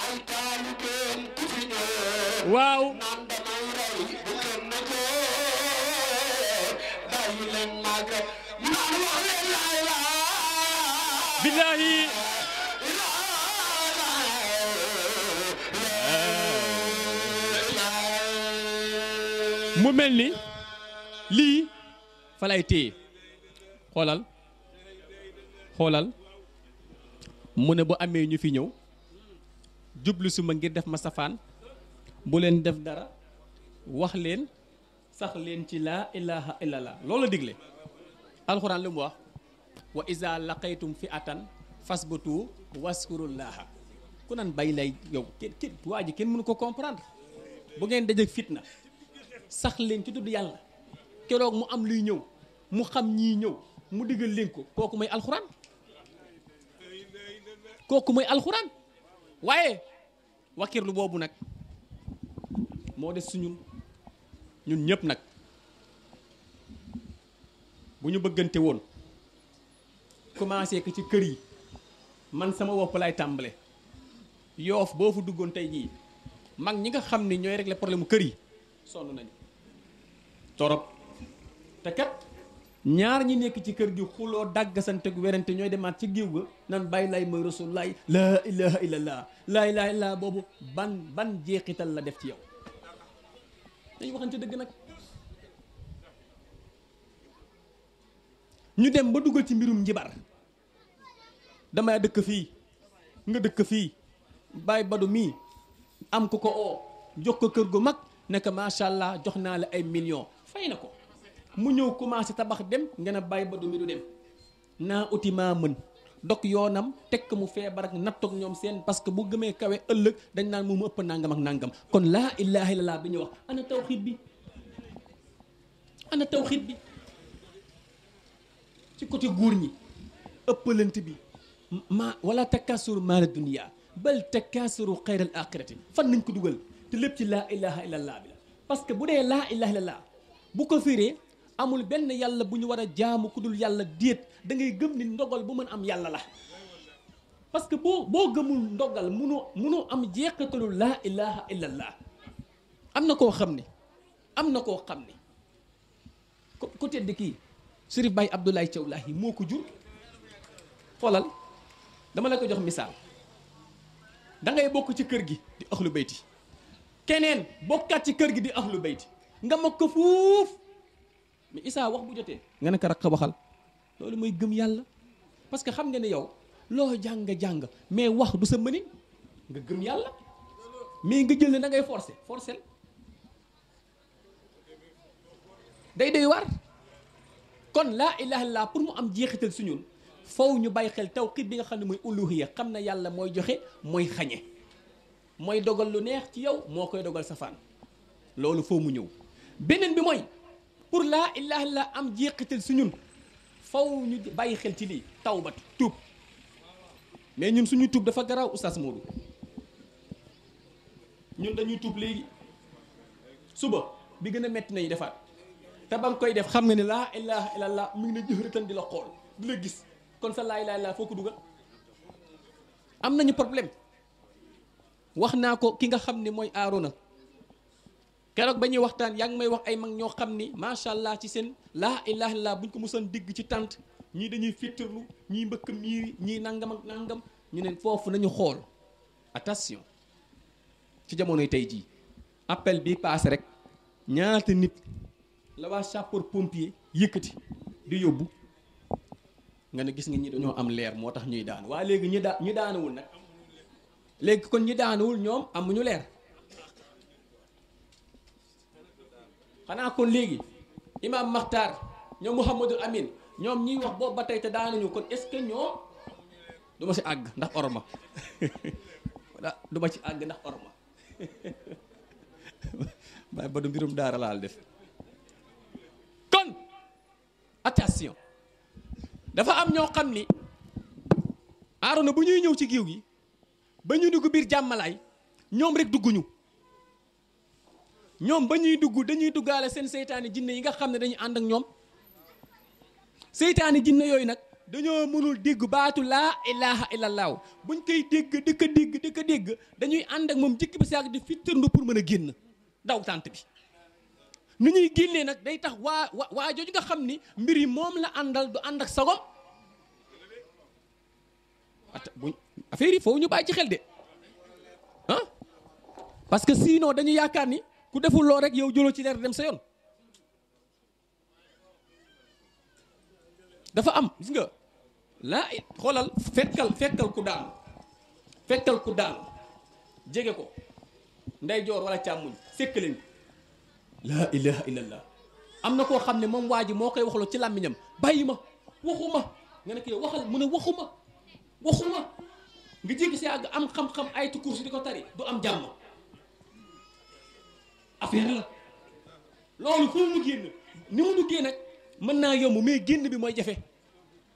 [SPEAKER 1] lii fa lay téye xoolal xoolal mu ne bu amee ñu fi ñëw jublu ngir def ma safaan bu leen def dara wax leen sax leen ci laa ilaha illallah loolu digle alxuraan li mu wax wa iza laqaytum fi atan fasbutu waskurullaha ku naan bay lay yow kenn kenn waa ji kenn mënu ko comprendre bu ngeen dajeek fitna sax leen ci tudd yàlla keroog mu am luy ñëw mu xam ñii ñëw mu digal leen ko kooku mooy alxuraan kooku mooy alxuraan waaye wakirlu boobu nag moo des suñun ñun ñëpp nag bu ñu bëggante woon commencé ko ci kër yi man sama wopp laay tàmbale yoof boo fa duggoon tey jii mag ñi nga xam ne ñooy régler problème kër yi sonn nañu torop te kat ñaar ñi nekk ci kër gi xuloo dàggasante gu werante ñooy demaat ci géew ga naan bàyyi laay mooy rasulullah laa ilaha illallah laa ilaha illallah boobu ban ban jeexital la def ci yow dañu waxante dëgg nag ñu dem ba dugal ci mbirum njibar damay dëkk fii nga dëkk fii bàyyi badu mii am ku ko oo jox ko kër gu mag nekk macha allah jox naa la ay millions fay na ko mu ñëw commencé tabax dem ngeen a bàyyi ba du mi du dem naa uti maa mën dog yoonam tekk mu feebar ak nattoog ñoom seen parce que bu gëmee kawe ëllëg dañ naan moom mu ëpp nangam ak nangam kon laa ilaha illallah bi ñu wax ana tawxiid bi ana tawxiid bi ci côté góor ñi ëppalante bi ma wala takasuru maala dunia bal takasuru xayral axirati fan nañ ko dugal te lépp ci laa ilaha illallah bi la parce que bu dee laa ilaha illallah bu ko firee amul benn yàlla bu ñu war a jaamu ku dul yàlla déet da ngay gëm ni ndogal bu mën am yàlla la parce que boo boo gëmul ndogal munoo munoo am jeexitalu laa ilaha illallah am na koo xam ne am na koo xam ne ku tedd kii Sërif Baye Abdoulaye Thiaw Lahi moo ko jur xoolal dama la ko jox misaal dangay bokk ci kër gi di axlu bayti keneen bokkaat ci kër gi di axlu bayti nga mag ko fuuf mais Issa wax bu jotee nga ne ko rakk waxal loolu mooy gëm yàlla parce que xam nga ne yow loo jàng jàng mais wax du sa mënin nga gëm yàlla mais nga jël ne da ngay forcer forcer day day war kon laa ilaha illaa pour mu am jeexital su ñun faw ñu bàyyi xel taw tawxiit bi nga xam ne mooy uluhiya xam na yàlla mooy joxe mooy xañe mooy dogal lu neex ci yow moo koy dogal safaan loolu foo mu ñëw beneen bi mooy pour laa ilaha laa am jeexital su ñun faw ñu bàyyi xel ci lii tawbat tuub mais ñun suñu tuub dafa garaaw oustaz Modou ñun dañuy tuub léegi suba bi gën a metti nañu defaat te ba nga koy def xam nga ne laa ilaha illallah mi ngi ne jëfëratan di la xool di la gis kon sa laa ilaha illallah foo ko dugal am nañu problème wax naa ko ki nga xam ni mooy aarona keroog ba ñuy waxtaan yaa ngi may wax ay mag ñoo xam ni macha allah ci seen laa ilaha illallah buñ ko mosoon digg ci tànt ñii dañuy fittirlu ñii mbëkk miiri ñii nangam ak nangam ñu ne foofu nañu xool attention ci jamonoy tey jii appel bi paase rek ñaata nit la waa sapeur pompier yëkkati di yóbbu nga ne gis ngi ñi dañoo am leer moo tax ñuy daan waa léegi ñi daa ñi daanawul nag léegi kon ñi daanawul ñoom amuñu leer xanaa kon léegi imam Makhtar ñoom Mouhamadul Amin ñoom ñiy wax boobu ba tey te daanuñu kon est-ce que ñoo du ma àgg ndax orma du ma ci àgg ndax orma *laughs* waaye ba du mbirum daara laal def kon attention dafa am ñoo xam ni aarona bu ñuy ñëw ci giiw gi ba ñu dugg biir jàmmalaay ñoom rek dugguñu ñoom ba ñuy dugg dañuy duggaale seen seytaane jinne yi nga xam ne dañuy ànd ak ñoom seytaane jinne yooyu nag dañoo mënul dégg baatu laa ilaha illallah buñ koy dégg di dégg di dégg dañuy ànd ak moom jikki bi saak di fittarndu pour mën a génn daw tànt bi nu ñuy nag day tax waa waa waa nga xam ni mbir yi moom la àndal du ànd ak sagom at buñ affaire yi foofu xel de ah? parce que sinon dañu yaakaar ni ku deful loo rek yow jëloo ci leer dem sa yoon dafa am gis nga laa it xoolal fekkal fekkal ku daanu fekkal ku daanu jege ko ndeyjoor wala càmmuñ sekkaleen laa ilaha illallah am na koo xam ne moom waa ji moo koy waxloo ci làmmiñam bàyyi ma waxuma nga ne ko waxal mu ne waxuma waxuma nga jéggi si àgg am xam-xam ay tu di ko tari du am jàmm affaire la loolu foofu mu génn ni mu duggee nag mën naa yomb mais génn bi mooy jafe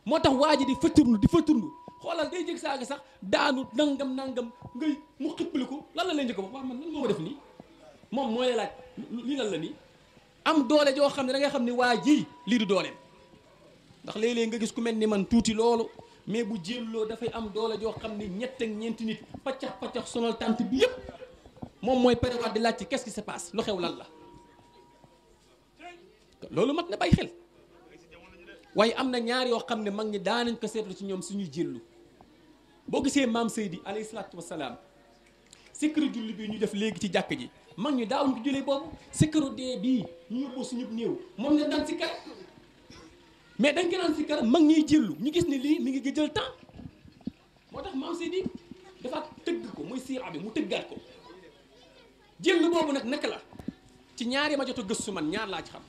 [SPEAKER 1] moo tax waa ji di fëtturlu di fëtturlu xoolal day jëg saaga sax daanu nangam nangam ngay mu xippali ko lan la lay njëkk wax wax man lan moo ma def nii moom mooy laaj li lan la nii am doole joo xam ne dangay xam ne waa ji lii du dooleem ndax léeg-léeg nga gis ku mel ni man tuuti loolu mais bu jéemloo dafay am doole joo xam ne ñett ak ñeenti nit paccax paccax sonal tànt bi yëpp moom mooy prévoir di laaj ci qu'est-ce qui se passe lu xew lan la loolu mag na bay xel waaye am na ñaari yoo xam ne mag ñi daanañ ko seetlu ci ñoom suñuy jëllu boo gisee maam Seydi alayhi salaatu wasalaam sikkiru julli bi ñu def léegi ci jàkk ji mag ñu daawuñ ko jullee boobu sikkiru dee bi ñu yóbboo suñu néew moom lañ daan sikkar mais dañ ko daan sikkar mag ñuy jëllu ñu gis ni lii mi ngi jël temps moo tax maam Seydi dafa tëgg ko muy siira bi mu tëggaat ko boobu nag naka la ci ñaari ma jot a gëstu man ñaar laa xam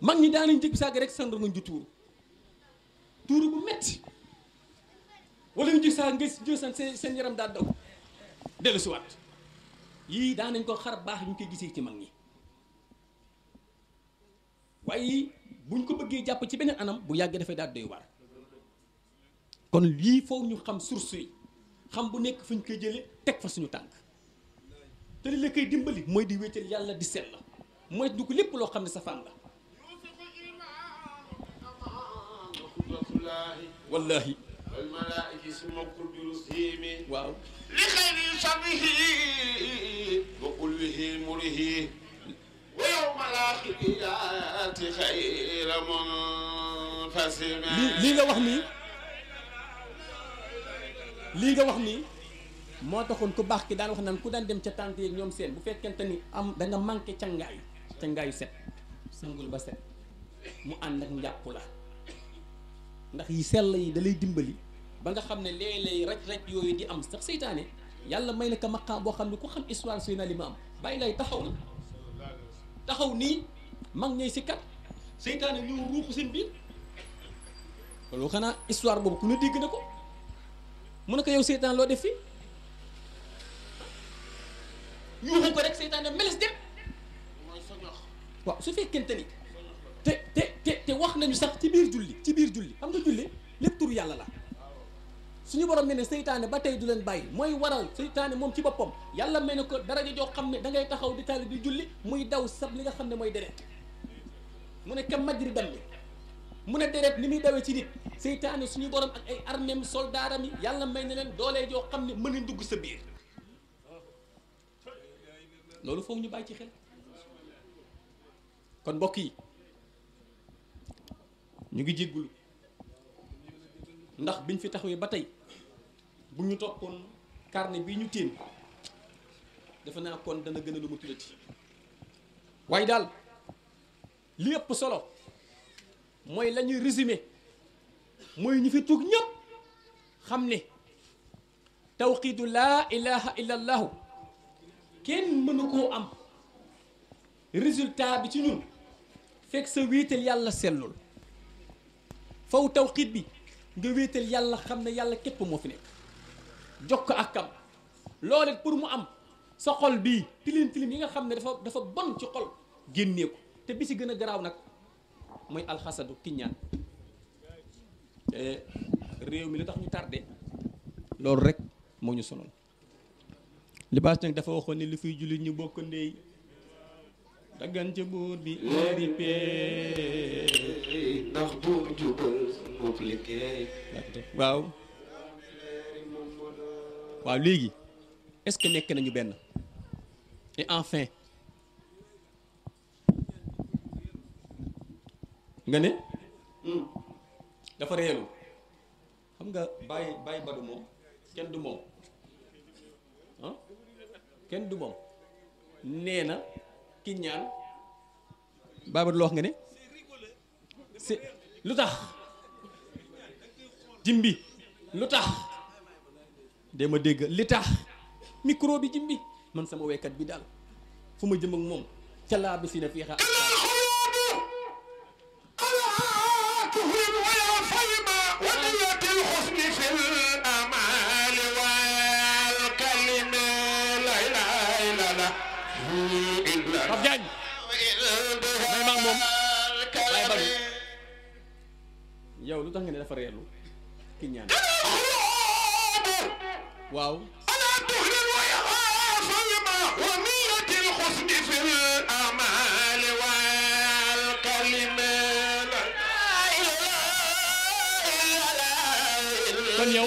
[SPEAKER 1] mag ñi daanañ jëg saag rek sandar nga ju tuuru tuuru bu metti wala ñu jëg saag nga seen seen yaram daal daw dellu siwaat yii daanañ ko xar baax ñu koy gisee ci mag ñi waaye buñ ko bëggee jàpp ci beneen anam bu yàggee dafay daal doy waar kon lii foofu ñu xam source xam bu nekk fu ñu koy jële teg fa suñu tànk li la dimbali mooy di wéetal yàlla di sell mooy du ko lépp loo xam ne safaan la wallahi waaw li
[SPEAKER 2] xayri sabihi wa kullihi murihi wa
[SPEAKER 1] lii nga wax nii nga wax nii moo taxoon ku baax ki daan wax naan ku daan dem ca tànt yi ñoom seen bu fekkente ni am da nga manqué cangaayu cangaayu set sangul ba set mu ànd ak njàpp la ndax yi sell yi da lay dimbali ba nga xam ne léeg-léeg raj-raj yooyu di am sax seytaane yàlla may na ko maqaam boo xam ne ku xam histoire suy na li ma am bàyyi lay taxaw na taxaw nii mag ñooy si kat seytaane ñu ruuxu seen biir loolu xanaa histoire boobu ku ne dégg na ko mun na ko yow seytaan loo def fii yuuxu ko rek seytaane meles dem waaw su fekkente ni te te te te wax nañu sax ci biir julli ci biir julli xam nga julli lépp tur yàlla la suñu borom ne ne seytaane ba tey du leen bàyyi mooy waral seytaane moom ci boppam yàlla mel ne ko daraja joo xam ne da ngay taxaw di taali di julli muy daw sab li nga xam ne mooy deret mu ne kam majri dam bi mu ne deret ni muy dawee ci nit seytaane suñu borom ak ay armeem soldaaram yi yàlla may na leen doolee joo xam ne mën a dugg sa biir loolu foog ñu bàyyi ci xel kon mbokk yi ñu ngi jéggulu ndax biñ fi taxawee ba tey bu ñu toppoon carnet bi ñu téen defe naa kon dana gën a lu ma tuddati waaye daal li ëpp solo mooy la ñuy résumé mooy ñu fi tuug ñëpp xam ne tawqiitu laa ilaha illa allahu kenn mënu koo am résultat bi ci ñun fekk sa wéetal yàlla sellul faw tawxiit bi nga wéetal yàlla xam ne yàlla képp moo fi nekk jox ko ak kam loole pour mu am sa xol bii tilim tilim yi nga xam ne dafa dafa bon ci xol génnee ko te bi ci gën a garaaw nag mooy alxasadu kiññaan eh, réew mi lu tax ñu tardé loolu rek moo ñu sonal libaas nag dafa waxoon ni lu fiy jullit ñu bokk ndey daggan ci buur bi waaw waaw léegi est-ce nekk nañu benn et enfin nga ne hmm. dafa reelu xam nga bàyyi bàyyi badu moom kenn du moom kenn du moom nee na ki ñaan Babacar loo wax nga ne c'est lu tax jimbi lu tax dama dégg li tax micro bi jimbi man sama waykat bi daal fu ma jëm ak moom ca laa bi si na fii lu tax nga ne dafa reelu ki ñaan waaw kon yow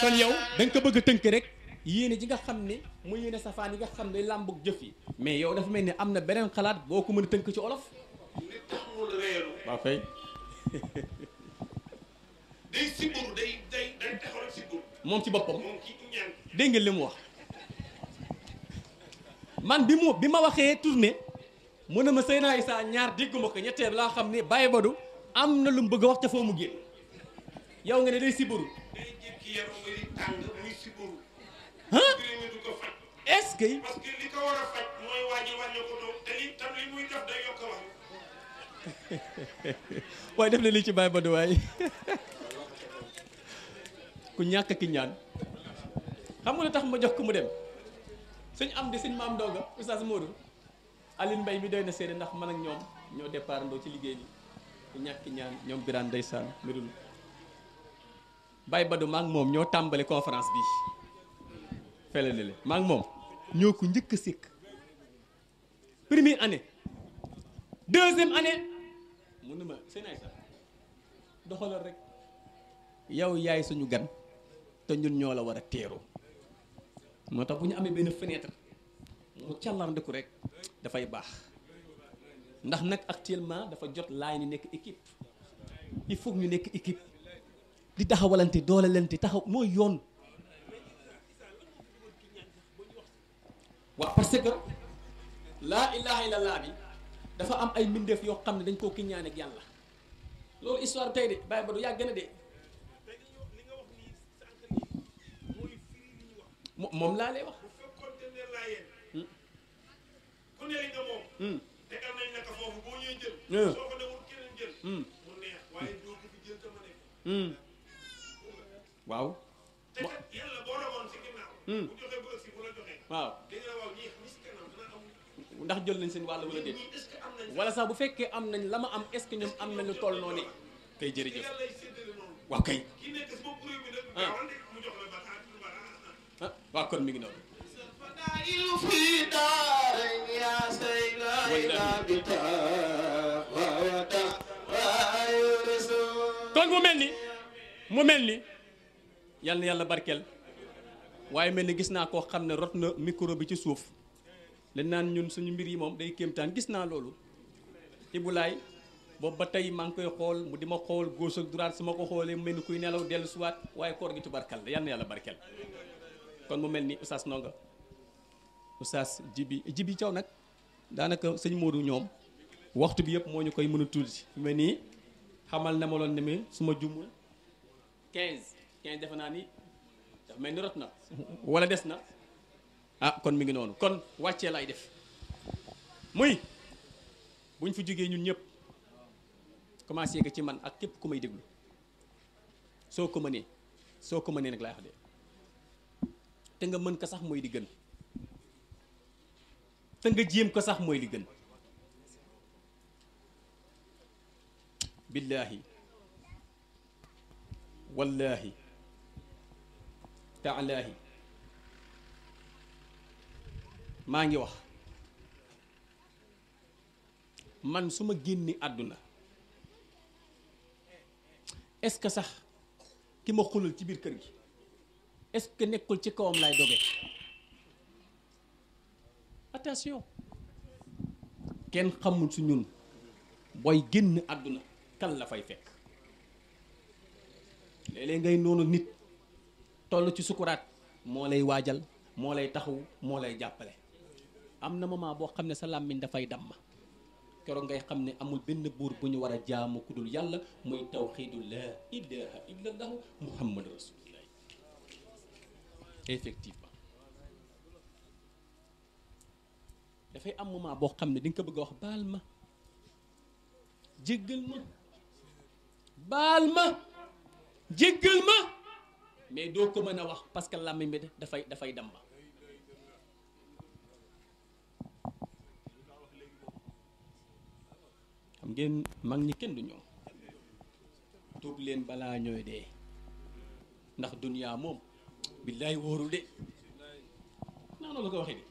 [SPEAKER 1] kon yow da ko bëgg tënk rek yéene ji nga xam ni mu yéene safaan yi nga xam ne làmbug jëf yi mais yow dafa mel ni am na beneen xalaat boo ko mën tënk ci olof. li taxul *laughs*
[SPEAKER 2] day
[SPEAKER 1] moom ci boppam dégg ngeen li mu wax man bi mu bi ma waxee tournée mu ne ma naa Issa ñaar dégguma ko ñetteel laa xam ne Baye Badou am na lu mu bëgg a wax ca foo mu génn yow nga ne day siburu day jékki li *laughs* waaye def na lii ci Baye Badou waaye *laughs* ku ñàkk ki ñaan xam nga tax ma jox ko mu dem suñ am di suñ maam Ndonga oustaz Modou Aline Mbaye mi doy na seede ndax man ak ñoom ñoo départ ndoo ci liggéey bi ku ñàkk ki ñaan ñoom Birane ndeysaan Médoune Baye Badou maa moom ñoo tàmbali conférence bi fële ne le moom ñoo ko njëkk a sikk première année deuxième année mun na ma seen rek yow yaay suñu gan. te ñun ñoo la war a teeru moo tax bu ñu amee benn fenêtre mu càllandiku rek dafay baax ndax nag actuellement dafa jot laay ni nekk équipe il faut ñu nekk équipe di taxawalante doolelante taxaw mooy yoon waaw parce que laa ilaha illallah bi dafa am ay mbindeef yoo xam ne dañ koo kiñaan ak yàlla loolu histoire tey de bàyyi ba du yàgg a de moom laa lay wax. Hmm. ku ne li nga moom. Hmm. tegal nañ la ko foofu boo hmm. waaw. te kat boo rawoon si ginnaaw. bu joxee ba ëgsi bu la joxee. waaw di nga waaw ñii am. ndax jël nañ seen wàll wala déet. wala sax bu fekkee am nañ la ma am est-ce am nañu toll noonu. kay jërëjëf. waaw kay. ki nekk si bopp réew mi nag. Ah. mu jox la. waaw kon mi ngi noonu mu mel ni mu mel ni yal yàlla barkeel waaye mel ni gis naa koo xam ne rot na micro bi ci suuf lañ naan ñun suñu mbir yi moom day kéemtaan gis naa loolu Ibulaay boobu ba tey maa koy xool mu di ma xool gauche ak su ma ko xoolee mel ni kuy nelaw dellu suwaat waaye koor gi tubarkal la yàlla yàlla barkeel kon mu mel ni oustaz Ndongo oustaz Jibi Jibi caw nag daanaka sëñ Modou ñoom waxtu bi yëpp moo ñu koy mën a tudd ci nii xamal na ma loon ne ma su ma jumul 15 15 defe naa ni daf mel na wala des na ah kon mi ngi noonu kon wàccee lay def muy buñ fi jógee ñun ñëpp commencé ko ci man ak képp ku may déglu soo ko mënee soo ko mënee nag laay wax de te nga mën ko sax mooy li gën te nga jéem ko sax mooy li gën billaahi wallaahi taalaahi maa ngi wax man su ma génni àdduna est-ce que sax ki ma xulal ci biir kër gi est ce que nekkul ci kawam lay doge attention ken xamul su ñun boy genn aduna kan la fay fekk lélé ngay nonu nit tollu ci sukurat, mo lay wajal tahu, lay taxaw mo lay jappalé amna mama bo xamné xam ne da fay dam kéro ngay xamné amul benn bour bu ñu war jaamu kudul yalla muy tawxiidu laa ilaha illallah muhammadur rasul effectivement dafay am moment boo xam ne di ko bëgg a wax baal ma jéggal ma baal ma jéggal ma mais doo ko mën a wax parce que làmmiñ bi dafay dafay dem ba xam ngeen mag ñi kenn du ñoom tuub leen balaa ñooy dee ndax duniyaa moom billaay wóorul de naa noonu la ko waxee de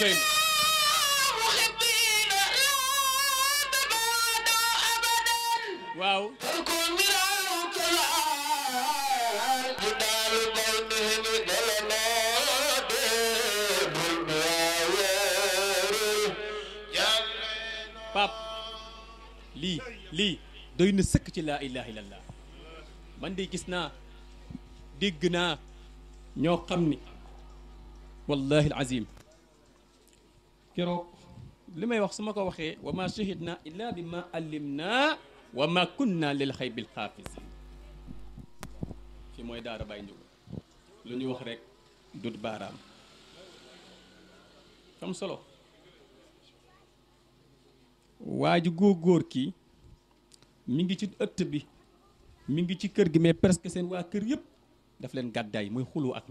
[SPEAKER 1] دايما محبينا لا تبعدوا ابدا واو lii lii doy na sëkk ci laa ilaha illallah man de gis naa dégg naa ñoo xam ni wallahi alazim كروك لما يقسم ما وما شهدنا إلا بما علمنا وما كنا للخيب الخافز في موي دار باي نيو لو بارام كم سولو واجي غو غور كي ميغي تي ات بي تي كير مي برسك سين وا كير ييب داف لين خلو اك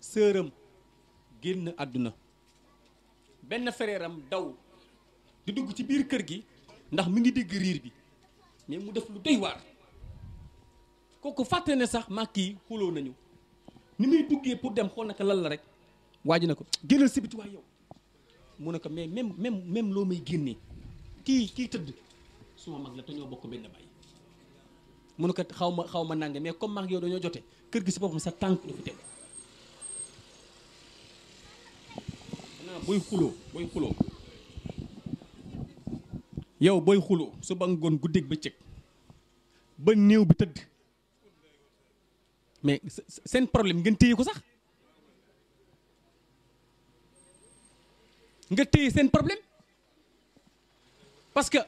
[SPEAKER 1] سيرم ген ادنا benn frère am daw di dugg ci biir kër gi ndax mi ngi dégg riir bi mais mu def lu doy waar kooku fàtte ne sax maa kii xuloo nañu ni muy duggee pour dem xool naka lan la rek waaj na ko génnal si biti waay yow mu ne ko mais même même même loo may génnee kii kii tëdd suma mag la te ñoo bokk benn bàyyi mu ne ko xaw ma xaw ma nange mais comme mag yow dañoo jote kër gi si boppam sa tànk du fi teg booy xuloo booy xuloo yow booy xuloo suba ngoon guddeeg bëccëg ba néew bi tëdd mais seen problème ngeen téye ko sax nga téye seen problème parce que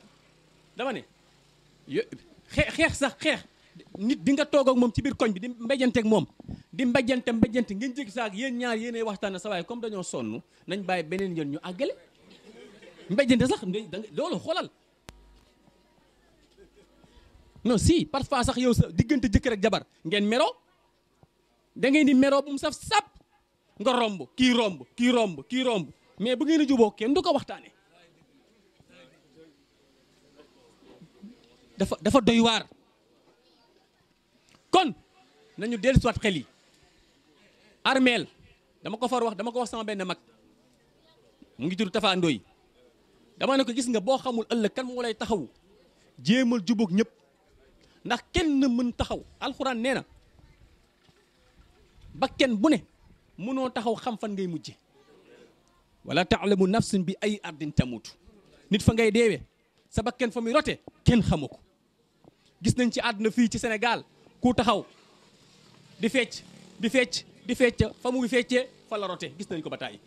[SPEAKER 1] dama ne xeex sax xeex nit bi nga toog ak mom ci bir koñ bi di mbéjante ak mom di mbéjante mbéjante ngeen jik sax yeen ñaar yéenay waxtaan na sa way comme dañoo sonu nañ bay benen ñeen ñu agalé mbéjante sax loolu xolal non si parfois sax yow sa jëk rek jabar ngeen mero da ngeen di mero bu mu saf sap nga rombu ki rombu ki rombu ki rombu mais bu ngeen a kenn du dafa dafa doy war kon nañu dellu siwaat xel yi armeel dama ko far wax dama ko wax sama benn mag mu ngi tudd Tafa Ndoy dama ne ko gis nga boo xamul ëllëg kan moo lay taxaw jéemal jubóog ñépp ndax kenn mën taxaw alxuraan nee na ba kenn bu ne mënoo taxaw xam fan ngay mujje wala mu nafsin bi ay ardin tamutu nit fa ngay deewe sa bakken fa muy rote kenn xamu ko gis nañ ci àdduna fii ci Sénégal ku taxaw di fecc di fecc di fecc fa muy feccee fa la rote gis nañ ko ba tàyyi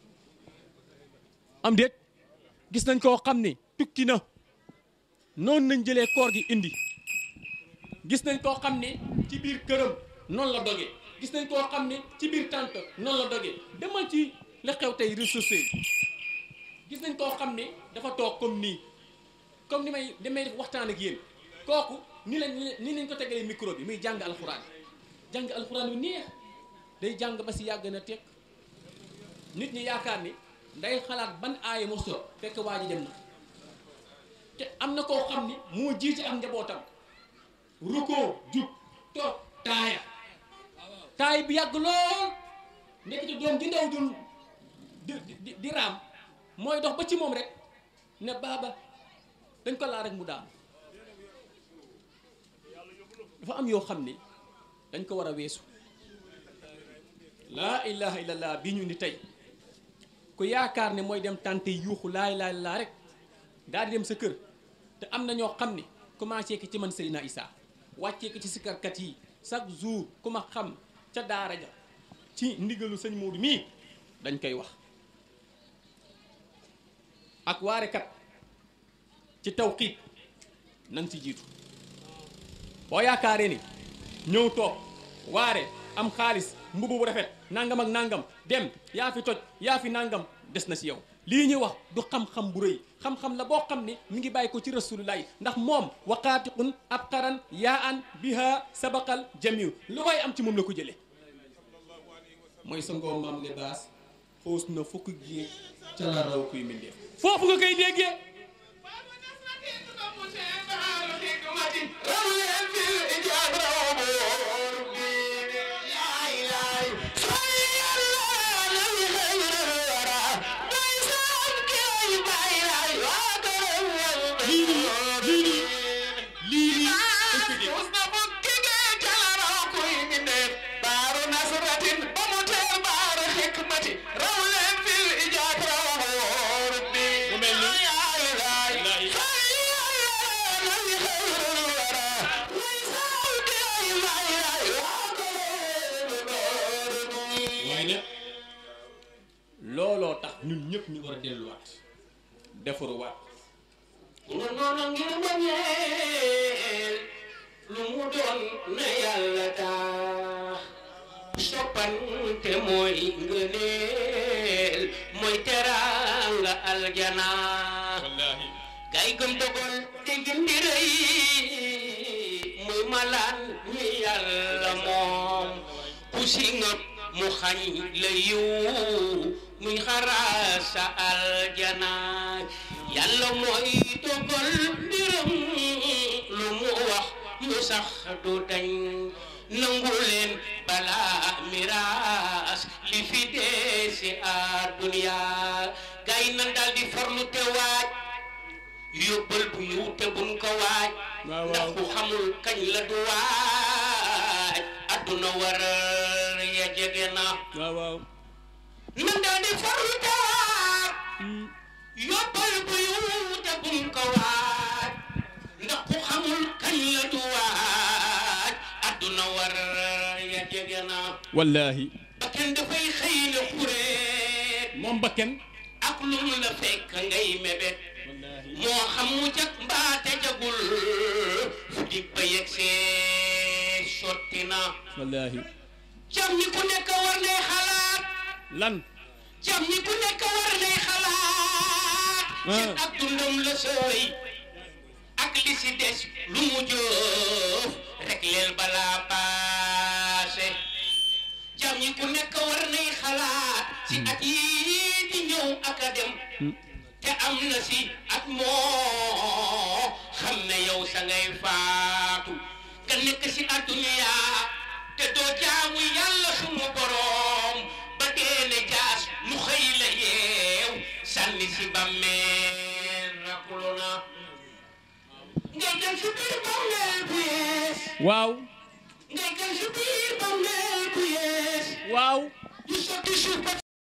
[SPEAKER 1] am déet gis nañ koo xam ne tukki na noonu nañ jëlee koor gi indi gis nañ koo xam ne ci biir këram noonu la doge gis nañ koo xam ne ci biir tànt noonu la doge demal ci li xew tey ressources gis nañ koo xam ne dafa toog comme nii comme ni may damay def waxtaan ak yéen kooku ni lañ ni lañ ko tegee micro bi muy jàng alxuraan jàng alxuraan yu neex day jàng ba si yàgg na teg nit ñi yaakaar ni nday xalaat ban aaya moo fekk waa ji dem na te am na koo xam ni mu jiite am njabootam rukkoo jub toog taaya taay bi yàgg lool nekk ci doom di ndaw dul di di raam mooy dox ba ci moom rek ne baaba dañ ko laa rek mu daanu dafa am yoo xam ni dañ ko war a weesu laa ilaha illallah bi ñu ni tey ku yaakaar ne mooy dem tànte yuuxu laa ilaha illallah rek daal di dem sa kër te am na ñoo xam ni commencé ki ci man Seydina Issa wàccee ko ci sikkarkat yi chaque jour ku ma xam ca daara ja ci ndiggalu sëñ Moodu mii dañ koy wax ak waarekat ci tawxiit nañ ci jiitu boo yaakaaree ni ñëw toog waare am xaalis mbubu bu rafet nangam ak nangam dem yaa fi toj yaa fi nangam des na ci yow li ñuy wax du xam-xam bu rëy xam-xam la boo xam ni mi ngi bàyyi ko ci rasulullahi ndax moom waqaatiqun ab qaran yaa an biha sabaqal jamiu lu koy am ci moom la ko jëlee mooy sa ngoo maam fukk foofu nga koy déggee
[SPEAKER 2] fighting. Holy envy.
[SPEAKER 1] ñëpp ñu war a
[SPEAKER 2] noonu ngir bañeel lu mu doon na yàlla taa soppante mooy ngëneel mooy teraanga aljana wallaahi gay dogal te gindi rëy muy malaan mi yàlla moom ku si mu xañ la yiw muñ xaraasa aljanaay yàlla mooy dogal mbiram lu mu wax mu sax du dañ nangu leen balaa miraas li fi deesi adduniya gay nan daal di farlu te waaj yóbbal bu yiw te buñ ko waaj ndax ku xamul kañ la du waaj adduna war ya jege na waaw waaw nan da di farlu tawaat yóbbal bu yuute bum ko waat ndax ku xamul kañ la du waat adduna war ya jege naa wallaahi bakken dafay xëy ne xuree moom bakken ak lu mu la fekk ngay mébét moo xam mu jag mbaa te jagul fu dig ba yegg see sotti na wallaahi jam ñi ku nekk war ne xalaat lan jam ku nekk war nay xalaat ah. ci ab dundam la sooy ak li si des lu mu joof leel balaa paase jam ku nekk war nay xalaat ci hmm. at yi di ñëw ak a dem hmm. te am na si at moo xam ne yow sa ngay faatu nga nekk si àdduna te doo jaamu yàlla suma boroom teele jaas mu xëy la yeew sànni si bàmmeel rakulu na nga jël si biir bàmmeel bu yees waaw nga jël si biir
[SPEAKER 3] bàmmeel bu yees waaw du sotti suuf ba